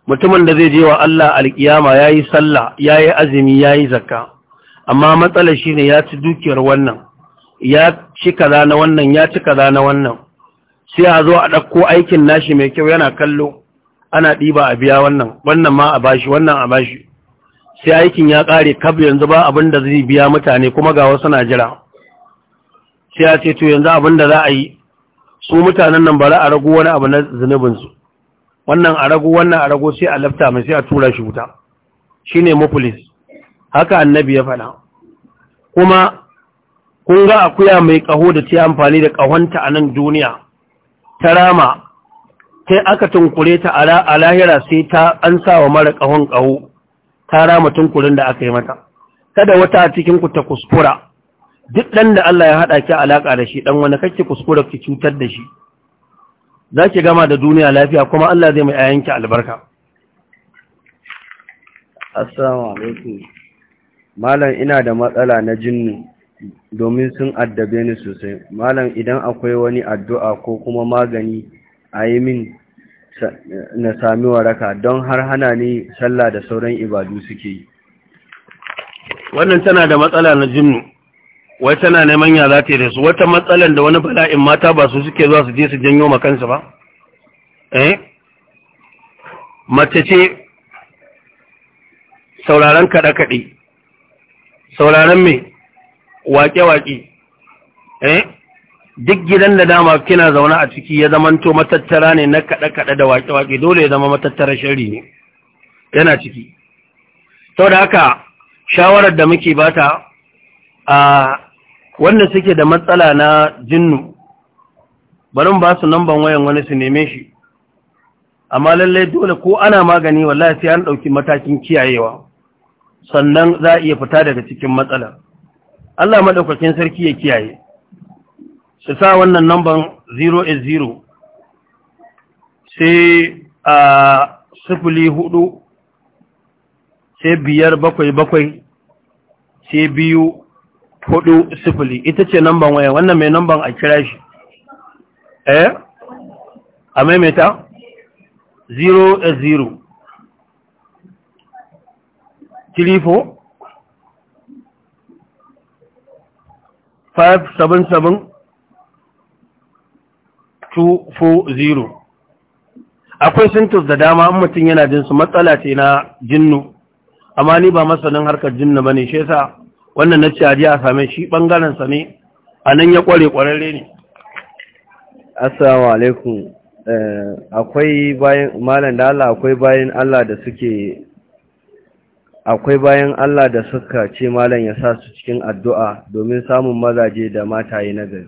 mutumin da zai je wa Allah alkiyama yayi sallah yayi azumi yayi zakka amma matsalar shine ya ci dukiyar wannan ya ci kaza na wannan ya ci kaza na wannan sai a zo a ɗauko aikin nashi mai kyau yana kallo ana ɗiba a biya wannan wannan ma a bashi wannan a bashi sai aikin ya ƙare kab yanzu ba abin da zai biya mutane kuma ga wasu na jira sai ya ce to yanzu abin da za a yi su mutanen nan bari a ragu wani abu na zunubinsu wannan a ragu wannan a ragu sai a lafta mai sai a tura shi wuta shi ne mafulis haka annabi ya faɗa kuma kun ga akuya mai ƙaho da ta amfani da ƙahonta a nan duniya ta rama sai aka tunkure ta a lahira sai ta an sa wa mara ƙahon ƙaho ta rama tunkurin da aka yi mata kada wata a cikin ku ta kuskura duk dan da Allah ya hada ki alaka da shi dan wani kake kuskura ki cutar da shi zaki gama da duniya lafiya kuma Allah zai mai ayyanki albarka assalamu alaikum malam ina da matsala na jinni domin sun addabe ni sosai malam idan akwai wani addu'a ko kuma magani a yi min na sami waraka don har hana ni sallah da sauran ibadu suke yi wannan tana da matsala na jinnu wai tana neman ya za ta da su wata matsalan da wani bala'in mata ba su suke zuwa su je su janyo ma kansu ba eh mace ce sauraron kaɗe-kaɗe sauraron mai waƙe-waƙe eh duk gidan da dama kina zaune a ciki ya zamanto matattara ne na kaɗe-kaɗe da waƙe-waƙe dole ya zama matattara shari ne yana ciki sau da haka shawarar da muke bata a wanda suke da matsala na jinnu barin ba su namban wayan wani su neme shi amma lallai dole ko ana magani wallahi sai an ɗauki matakin kiyayewa sannan za a iya fita daga cikin matsala Allah maɗaukakin sarki ya kiyaye su sa wannan namban 080 sai a sifili hudu sai biyar bakwai bakwai sai biyu hudu sifili ita ce namban waya wannan mai namban a kira shi eh a maimaita 0 Kilifo 577 240 akwai sintus da dama an mutum yana jinsu matsala ce na jinnu amma ni ba masanin harkar jinnu ba ne shi yasa wannan na ciyaji a same shi ɓangarensa ne a ya ƙware ƙwararre ne assalamu alaikum eh, akwai bayan malam da Allah akwai bayan Allah da suke akwai bayan Allah da suka ce malam ya sa su cikin addu'a domin samun mazaje da mataye na gari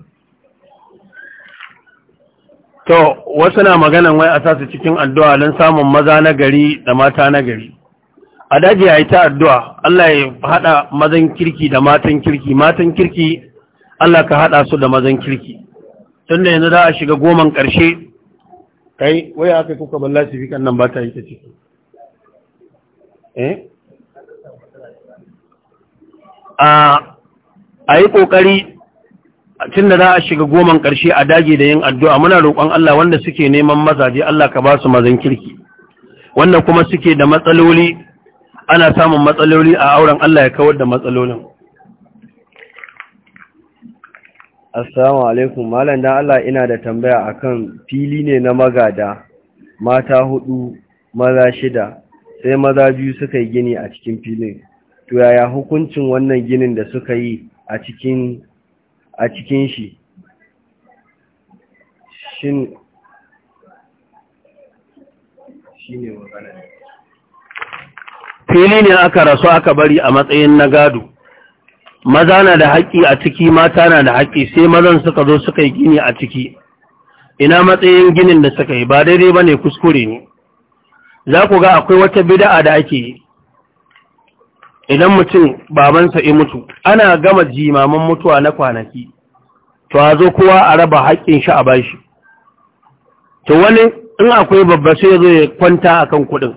to wasu na maganan wai a sasu cikin addu'a don samun maza na gari da mata na gari a daji ya yi ta addu'a Allah ya haɗa mazan kirki da matan kirki matan kirki Allah ka haɗa su da mazan kirki tun da yanzu za a shiga goman ƙarshe kai wai aka yi kuka balla su fi kan nan ba ta yi ta ciki eh? a yi ƙoƙari tun da za a shiga goman ƙarshe a dage da yin addu'a muna roƙon Allah wanda suke neman mazaje Allah ka ba su mazan kirki wanda kuma suke da matsaloli ana samun matsaloli a auren Allah ya kawar da matsalolin Assalamu alaikum malam dan Allah ina da tambaya akan fili ne na magada mata hudu maza shida sai maza biyu suka yi gini a cikin filin to yaya hukuncin wannan ginin da suka yi a cikin a cikin shi shin shine magana fili ne aka rasu aka bari a matsayin na gado maza na da haƙƙi a ciki mata na da haƙƙi sai mazan suka zo suka yi gini a ciki ina matsayin ginin da suka yi ba daidai ba ne kuskure ne za ku ga akwai wata bida'a da ake yi idan mutum babansa ya mutu ana gama jimaman mutuwa na kwanaki to a zo kowa a raba haƙƙin shi a bashi to wani in akwai babba sai ya zo ya kwanta akan kuɗin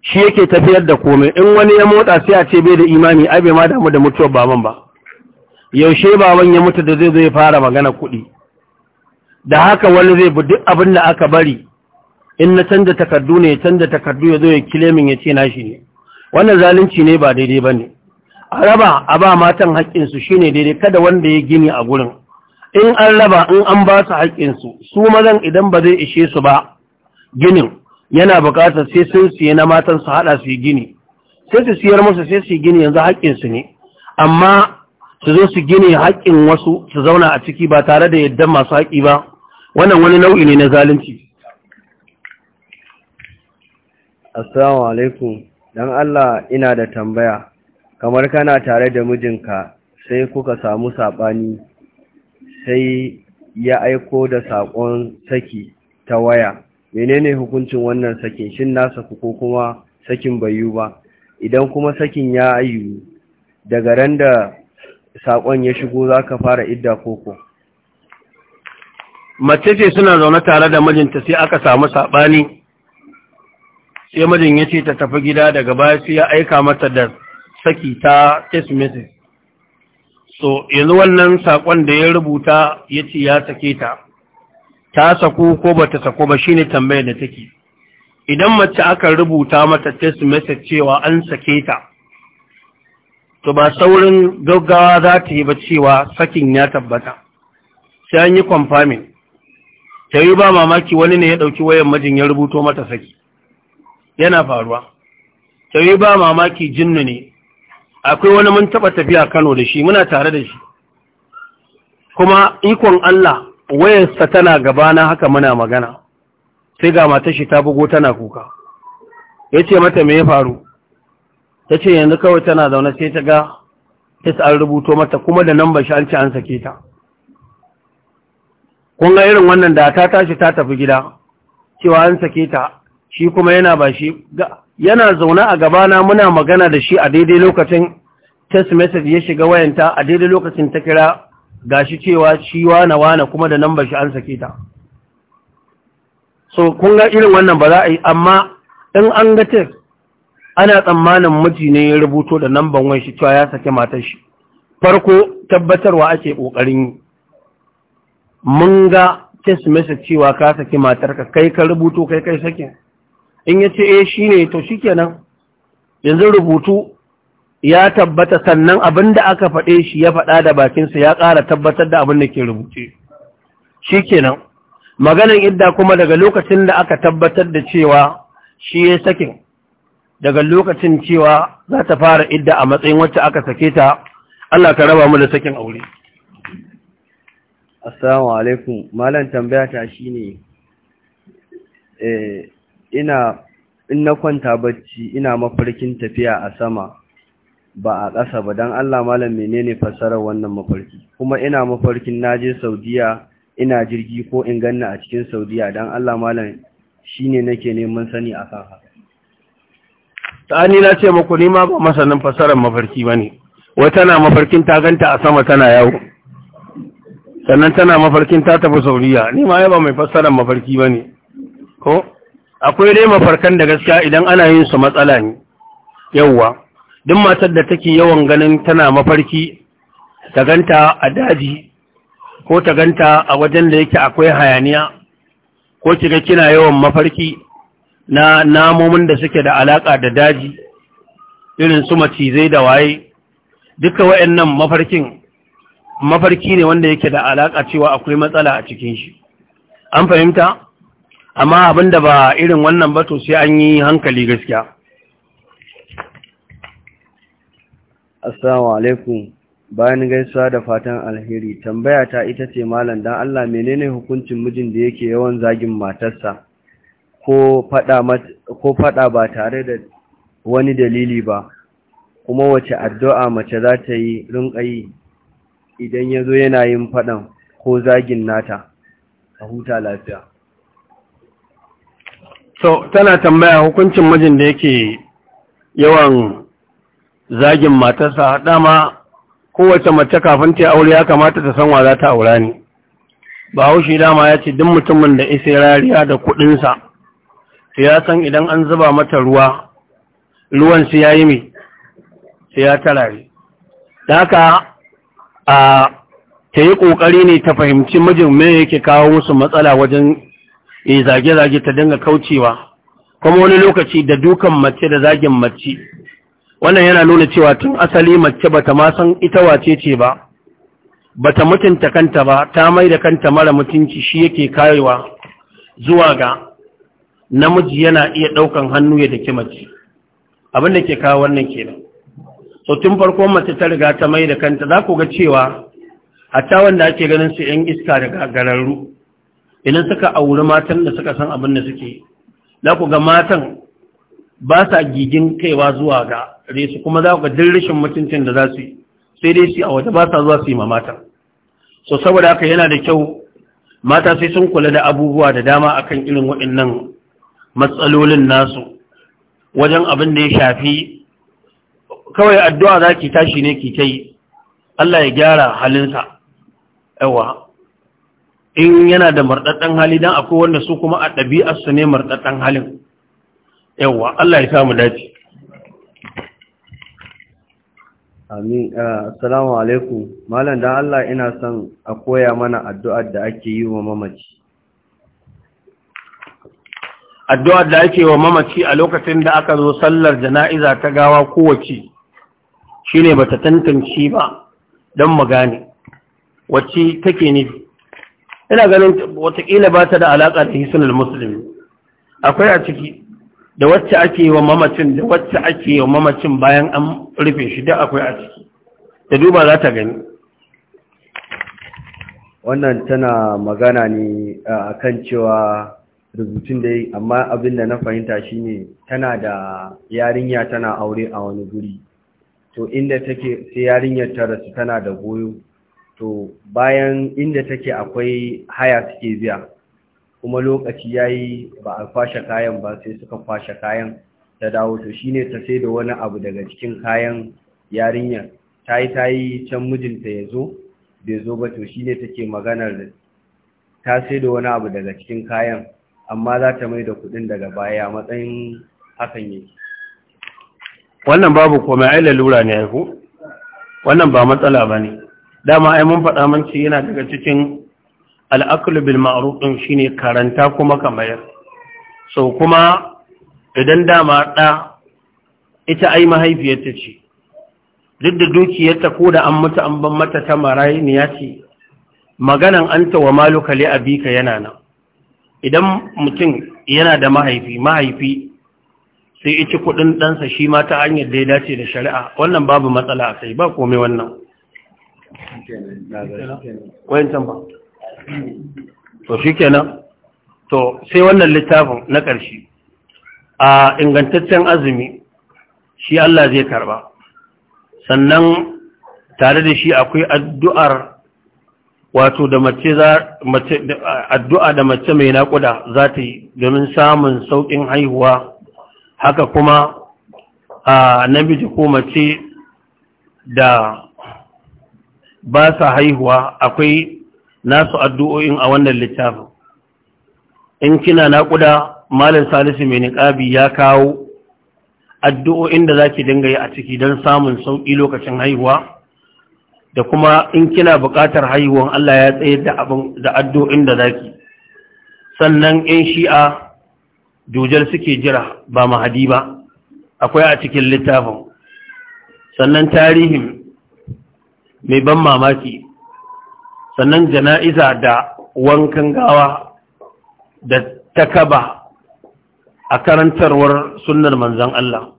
shi yake tafiyar da komai in wani ya motsa sai a ce bai da imani ai bai ma damu da mutuwar baban ba yaushe baban ya mutu da zai zo ya fara magana kuɗi da haka wani zai bi duk abin da aka bari in na canza takardu ne ya canza takardu ya zo ya kile min ya ce nashi ne wannan zalunci ne ba daidai ba ne a raba a ba matan haƙƙinsu shi ne daidai kada wanda ya gini a gurin in an raba in an ba su haƙƙinsu su mazan idan ba zai ishe su ba ginin yana buƙatar sai sun siye na matan su haɗa su yi gini sai su siyar musu sai su yi gini yanzu haƙƙinsu ne amma su zo su gini haƙƙin wasu su zauna a ciki ba tare da yadda masu haƙƙi ba wannan wani nau'i ne na zalunci assalamu alaikum Dan Allah ina da tambaya kamar kana tare da mijinka sai kuka samu saɓani sai ya aiko da saƙon saki ta waya menene hukuncin wannan sakin shin nasa ko kuma sakin bai yiwu ba idan kuma sakin ya ayu daga ran da saƙon ya shigo za ka fara idda koko mace ce suna zaune tare da mijinta sai aka samu saɓani sai majin ya ce ta tafi gida daga baya sai ya aika mata da saki ta test message so yanzu wannan sakon da ya rubuta ya ce ya sake ta ta sako ko ba ta sako ba shi ne tambayar da take idan mace aka rubuta mata test message cewa an sake ta to ba saurin gaggawa za ta yi ba cewa sakin ya tabbata sai an yi confirming ta yi ba mamaki wani ne ya ɗauki wayan majin ya rubuto mata saki yana faruwa tawi ba mamaki jinnu ne akwai wani mun taɓa tafiya Kano da shi muna tare da shi kuma ikon Allah wayarsa tana gabana haka muna magana sai ga mata shi ta bugo tana kuka Ya ce mata me ya faru ce yanzu kawai tana zaune sai ta ga tis an rubuto mata kuma da nan bashi an ci an sake ta kun ga irin wannan da ta tashi ta tafi gida cewa an sake ta shi kuma yana ba shi yana zaune a gabana muna magana da shi a daidai lokacin test message ya shiga wayanta a daidai lokacin ta kira shi cewa shi wane wane kuma da nan ba shi an sake ta so kun ga irin wannan ba za a yi amma in an ga test ana tsammanin miji ne ya rubuto da namban wani shi cewa ya sake matar shi farko tabbatarwa ake kokarin yi mun ga test message cewa ka sake matar ka, kai ka rubuto kai kai sake. in ya ce eh shi ne to shi kenan yanzu rubutu ya tabbata sannan abin da aka faɗe shi ya faɗa da bakinsa ya ƙara tabbatar da abin da ke rubuce shi kenan maganin idda kuma daga lokacin da aka tabbatar da cewa shi ya sakin daga lokacin cewa za ta fara idda a matsayin wacce aka sake ta Allah ka raba mu da sakin aure Assalamu alaikum malam tambaya ta shine eh ina in na kwanta bacci ina mafarkin tafiya a sama ba a ƙasa ba don Allah malam menene fassarar wannan mafarki kuma ina mafarkin naje Saudiya ina jirgi ko in ganna a cikin Saudiya don Allah malam ne nake neman sani akan haka tsani na ce muku nima ba masanin fassarar mafarki ba ne wai tana mafarkin ta ganta a sama tana yawo sannan tana mafarkin ta tafi saudiya Ni ma yaba mai fassarar mafarki ba ne ko akwai dai mafarkan da gaskiya idan ana yin su matsala ne yawwa duk matar da take yawan ganin tana mafarki ta ganta a daji ko ta ganta a wajen da yake akwai hayaniya ko kiga kina yawan mafarki na namomin da suke da alaka da daji irin su macizai da waye duka wayannan mafarkin mafarki ne wanda yake da alaka cewa akwai matsala a cikin shi an fahimta amma abinda ba irin wannan ba to sai an yi hankali gaskiya assalamu alaikum bayan gaisuwa da fatan alheri tambaya ta ita ce malam dan Allah menene hukuncin mijin da yake yawan zagin matarsa ko fada ko fada ba tare da wani dalili ba kuma wace addu'a mace za ta yi rinka yi idan yazo yana yin fadan ko zagin nata a huta lafiya so tana tambaya hukuncin mijin da yake yawan zagin matarsa dama kowace mace kafin ta aure ya kamata ta san wa za ta aura ne ba haushi dama ya ce duk mutumin da isa rariya da kudinsa ya san idan an zuba mata ruwa ruwan su ya yi mai sai ya ne. da haka a ta yi ƙoƙari ne ta fahimci mijin mai yake kawo musu matsala wajen e zage-zage ta dinga kaucewa kuma wani lokaci da dukan mace da zagin mace wannan yana nuna cewa tun asali mace bata ma san ita wace ce ba bata mutunta kanta ba ta mai da kanta mara mutunci shi yake karewa zuwa ga namiji yana iya ɗaukan hannu ya daki mace abin da ke kawo wannan kenan so tun farko mace ta riga ta mai da kanta za ku ga cewa a ta wanda ake ganin su 'yan iska da gararru idan suka auri matan da suka san abin da suke za ku ga matan ba sa gigin kaiwa zuwa ga resu kuma za ku ga duk rashin mutuncin da za su yi sai dai su a waje ba sa zuwa su yi ma matan so saboda haka yana da kyau mata sai sun kula da abubuwa da dama akan irin waɗannan matsalolin nasu wajen abin da ya shafi kawai addu'a za ki tashi ne ki ta yi Allah ya gyara halinsa yawa in yana da marɗaɗɗen hali don akwai wanda su kuma a ɗabi'arsu ne marɗaɗɗen halin yawwa Allah ya samu dace amin ah, assalamu alaikum malam dan Allah ina son a koya mana addu'ar da ake yi wa mamaci addu'ar da ake wa mamaci a lokacin da aka zo sallar jana'iza ta gawa kowace shine bata tantance ba don mu gane wacce take nufi ina ganin watakila ba ta da alaƙa da hisunan musulmi akwai a ciki da wacce ake yi wa mamacin da wacce ake yi wa mamacin bayan an rufe shi da akwai a ciki da duba za ta gani wannan tana magana ne a kan cewa rubutun da yi amma abin da na fahimta shi ne, tana da yarinya tana aure a wani guri to inda take sai yarinyar ta rasu tana da goyo to bayan inda take akwai haya suke biya kuma lokaci yayi ba a kwashe kayan ba sai suka kwashe kayan ta dawo to shine ta sai da wani abu daga cikin kayan yarinyar tayi tayi can mijinta ya zo bai zo ba to shine take maganar ta sai da wani abu daga cikin kayan amma za ta mai da kudin daga baya matsayin hakan ne wannan babu komai ai lalura ne ai ko wannan ba matsala bane dama ai mun faɗa mun ce yana daga cikin al'aklu bil ma'ruf din shine karanta kuma kamar so kuma idan dama da ita ai mahaifiyarta ce duk da dukiyarta ko da an mutu an ban mata ta ya ce maganan anta wa maluka li abika yana nan idan mutum yana da mahaifi mahaifi sai ici kudin ɗansa shi ma ta hanyar da ya dace da shari'a wannan babu matsala a sai ba komai wannan to shi kenan to sai wannan littafin na ƙarshe a ingantaccen azumi shi Allah zai karba sannan tare da shi akwai addu'ar wato da mace addu'a da mace mai naƙuda za ta yi domin samun sauƙin haihuwa haka kuma a namiji ko mace da ba sa haihuwa akwai nasu addu'o'in a wannan littafin in kina naƙuda malin salisu mai niƙabi ya kawo addu'o'in da zaki dinga yi a ciki don samun sauƙi lokacin haihuwa da kuma in kina buƙatar haihuwan Allah ya tsaye da addu'o'in da za ki sannan ‘yan shi'a dujar suke jira ba mahadi ba akwai a cikin littafin sannan tarihin mai ban mamaki sannan jana'iza da wankan gawa da takaba a karantarwar sunnar manzan Allah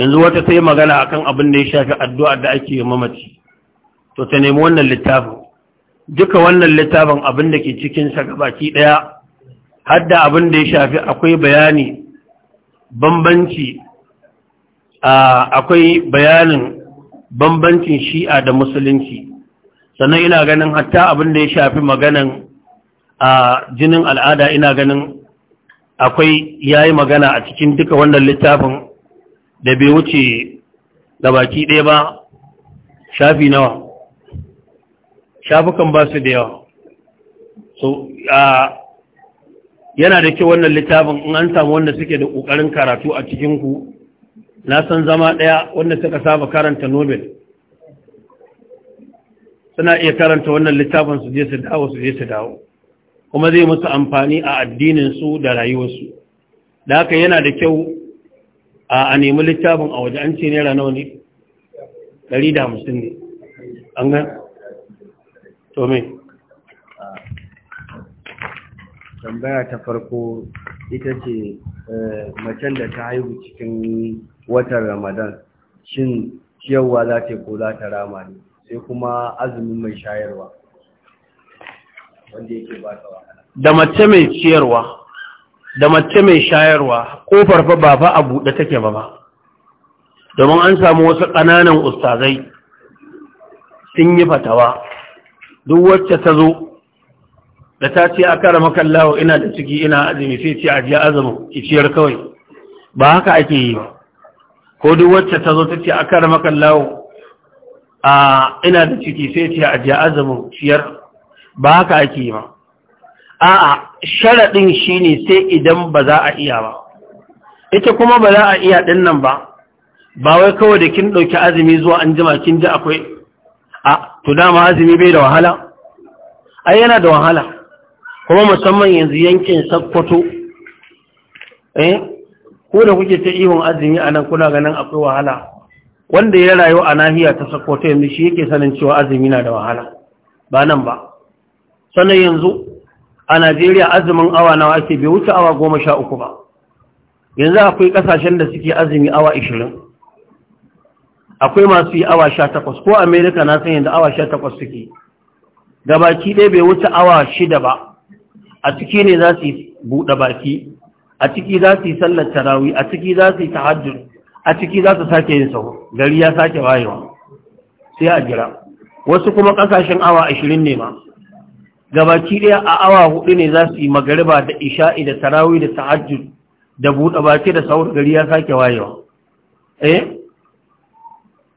yanzu wata ta yi magana akan abin da ya shafi addu'ar da ake yi mamaci to ta nemi wannan littafin duka wannan littafin abin da ke cikinsa shagabaki ɗaya hadda abin da ya shafi akwai bayani bambanci akwai bayanin bambancin shi'a da musulunci sannan ina ganin hatta abin da ya shafi maganan a jinin al'ada ina ganin akwai yayi magana a cikin duka wannan littafin da bai wuce da baki ɗaya ba shafi nawa shafukan ba su da yawa so yana da kyau wannan littafin in an samu wanda suke da ƙoƙarin karatu a cikinku na san zama ɗaya wanda suka saba karanta nobel suna iya karanta wannan littafin su je su dawo su je su dawo kuma zai musu amfani a addininsu da rayuwarsu da haka yana da kyau a nemi littafin a waje an ce naira nawa ne ɗari da hamsin ne an ga to me tambaya ta farko ita ce eh, macen da ta haihu cikin watan ramadan shin ciyarwa za ta ko za ta rama ne sai kuma azumin mai shayarwa wanda yake ba ta wahala da mace mai ciyarwa da mace mai shayarwa ko farfa ba fa a buɗe take ba ba domin an samu wasu ƙananan ustazai sun yi fatawa duk wacce ta zo da ta ce a kara makallawa ina da ciki ina azumi sai ce a ji azumin ciyar kawai ba haka ake yi ba ko duk wacce ta zo ta ce a kare makan lawo a ina da ciki sai ce a ji azumin ciyar ba haka ake yi ba a'a sharaɗin shi ne sai idan ba za a iya ba ita kuma ba za a iya ɗin nan ba ba wai kawai da kin ɗauki azumi zuwa an jima kin ji akwai a to dama azumi bai da wahala ai yana da wahala kuma musamman yanzu yankin sakkwato eh ko da kuke ta ihun azumi a nan kuna ganin akwai wahala wanda ya rayu a nahiya ta sakkwato yanzu shi yake sanin cewa azumi na da wahala ba nan ba sannan yanzu a najeriya azumin awa nawa ake bai wuce awa goma sha uku ba yanzu akwai kasashen da suke azumi awa ishirin akwai masu yi awa sha takwas ko amerika na san yanzu awa sha takwas suke gabaki ɗaya bai wuce awa shida ba a ciki ne za su yi buɗe baki a ciki za su yi sallar tarawi a ciki za su yi tahajjud a ciki za su sake yin sahu gari ya sake wayewa sai a jira wasu kuma kasashen awa ashirin ne ma gabaki daya a awa hudu ne za su yi magariba da isha'i da tarawi da tahajjud da buɗe baki da sahur gari ya sake wayewa eh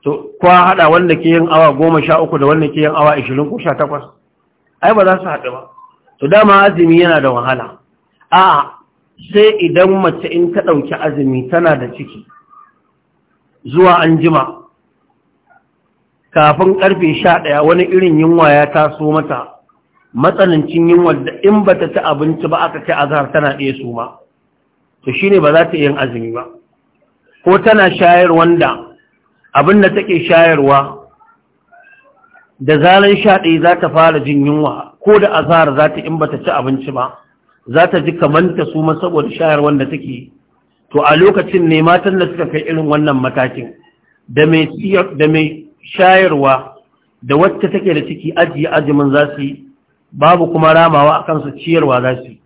to kwa hada wanda ke yin awa goma sha uku da wanda ke yin awa ashirin ko sha takwas ai ba za su haɗu ba to dama azumi yana da wahala a sai idan mace in ta ɗauki azumi tana da ciki zuwa an jima kafin ƙarfe sha wani irin yunwa ya taso mata matsanancin yunwa da in ba ta ci abinci ba aka ce azhar tana ɗaya su ma to shi ba za ta yin azumi ba ko tana shayar wanda abin da take shayarwa da zarar sha ɗaya za ta fara jin yunwa ko da azhar za ta in ba ta ci abinci ba za ta ji kamanta su ma saboda shayar wanda take to a lokacin ne matan da suka kai irin wannan matakin da mai shayarwa da wacce take da ciki ajiye ajimin za su babu kuma ramawa a kansu ciyarwa za su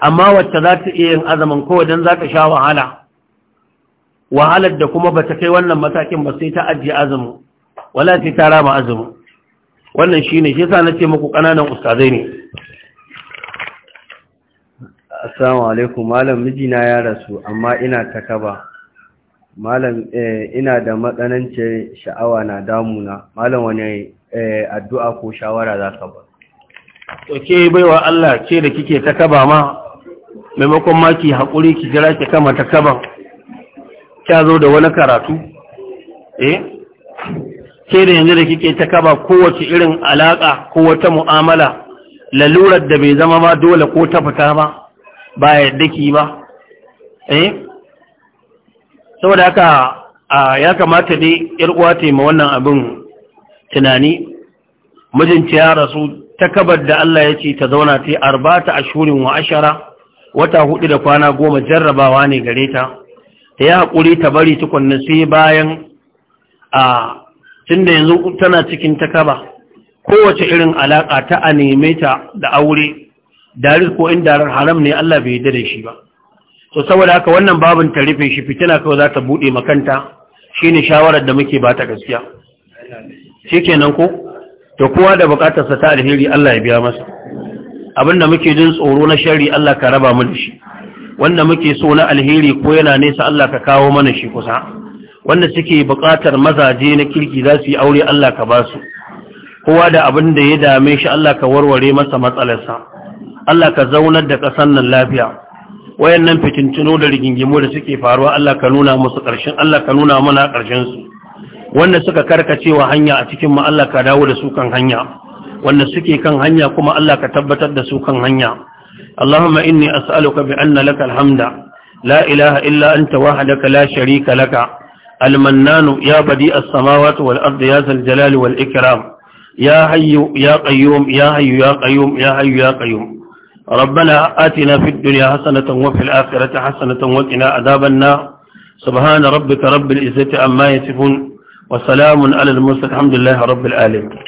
amma wacce za ta iya yin azaman kowai don za ta sha wahala wahalar da kuma ba ta kai wannan matakin ba sai ta ajiye azumin wala sai ta rama azumin wannan shi ne shi sa na ce muku ƙananan ustazai ne assalamu alaikum malam mijina ya rasu amma ina ta kaba malam eh, ina da matsananci sha'awa na damuna malam wani eh, addu'a ko shawara za ka ba ke baiwa Allah ce da kike ta kaba ma maimakon ma ki haƙuri ki jira ki kama ta kaban zo da wani karatu eh ke da yanzu da kike ta kaba kowace irin alaƙa ko wata mu'amala lalurar da bai zama ba dole ko ta fita ba ba yadda ki ba eh saboda haka ya kamata dai yar uwa ta ma wannan abin tunani mijinta ya rasu ta da Allah ya ce ta zauna ta yi. ta shurin wa ashara wata hudu da kwana goma jarrabawa ne gare ta ta yi haƙuri ta bari tukunna sai bayan a tunda yanzu tana cikin takaba kowace irin alaƙa ta a neme ta da aure darir ko in darar haram ne Allah bai yarda da shi ba to saboda haka wannan babin ta rufe shi fitina kawai za ta bude makanta shine shawarar da muke ba ta gaskiya shikenan ko to kowa da bukatar sa ta alheri Allah ya biya masa abinda muke jin tsoro na sharri Allah ka raba mu da shi wanda muke so na alheri ko yana nesa Allah ka kawo mana shi kusa wanda suke bukatar mazaje na kirki za su yi aure Allah ka ba su kowa da abin da ya dame shi Allah ka warware masa matsalarsa Allah ka zaunar da ƙasar nan lafiya wayannan fitintino da rigingimu da suke faruwa Allah ka nuna musu ƙarshen Allah ka nuna mana ƙarshen su wanda suka wa hanya a cikin mu Allah ka dawo da su kan hanya wanda suke kan hanya kuma Allah ka tabbatar da su kan hanya اللهم إني أسألك بأن لك الحمد la ilaha illa anta وحدك لا شريك لك المنان يا بديء السماوات والأرض يا ذا الجلال والإكرام يا حي يا قيوم يا حي يا قيوم يا حي يا قيوم ربنا آتنا في الدنيا حسنة وفي الآخرة حسنة وقنا عذاب النار سبحان ربك رب العزة عما يصفون وسلام على المرسل الحمد لله رب العالمين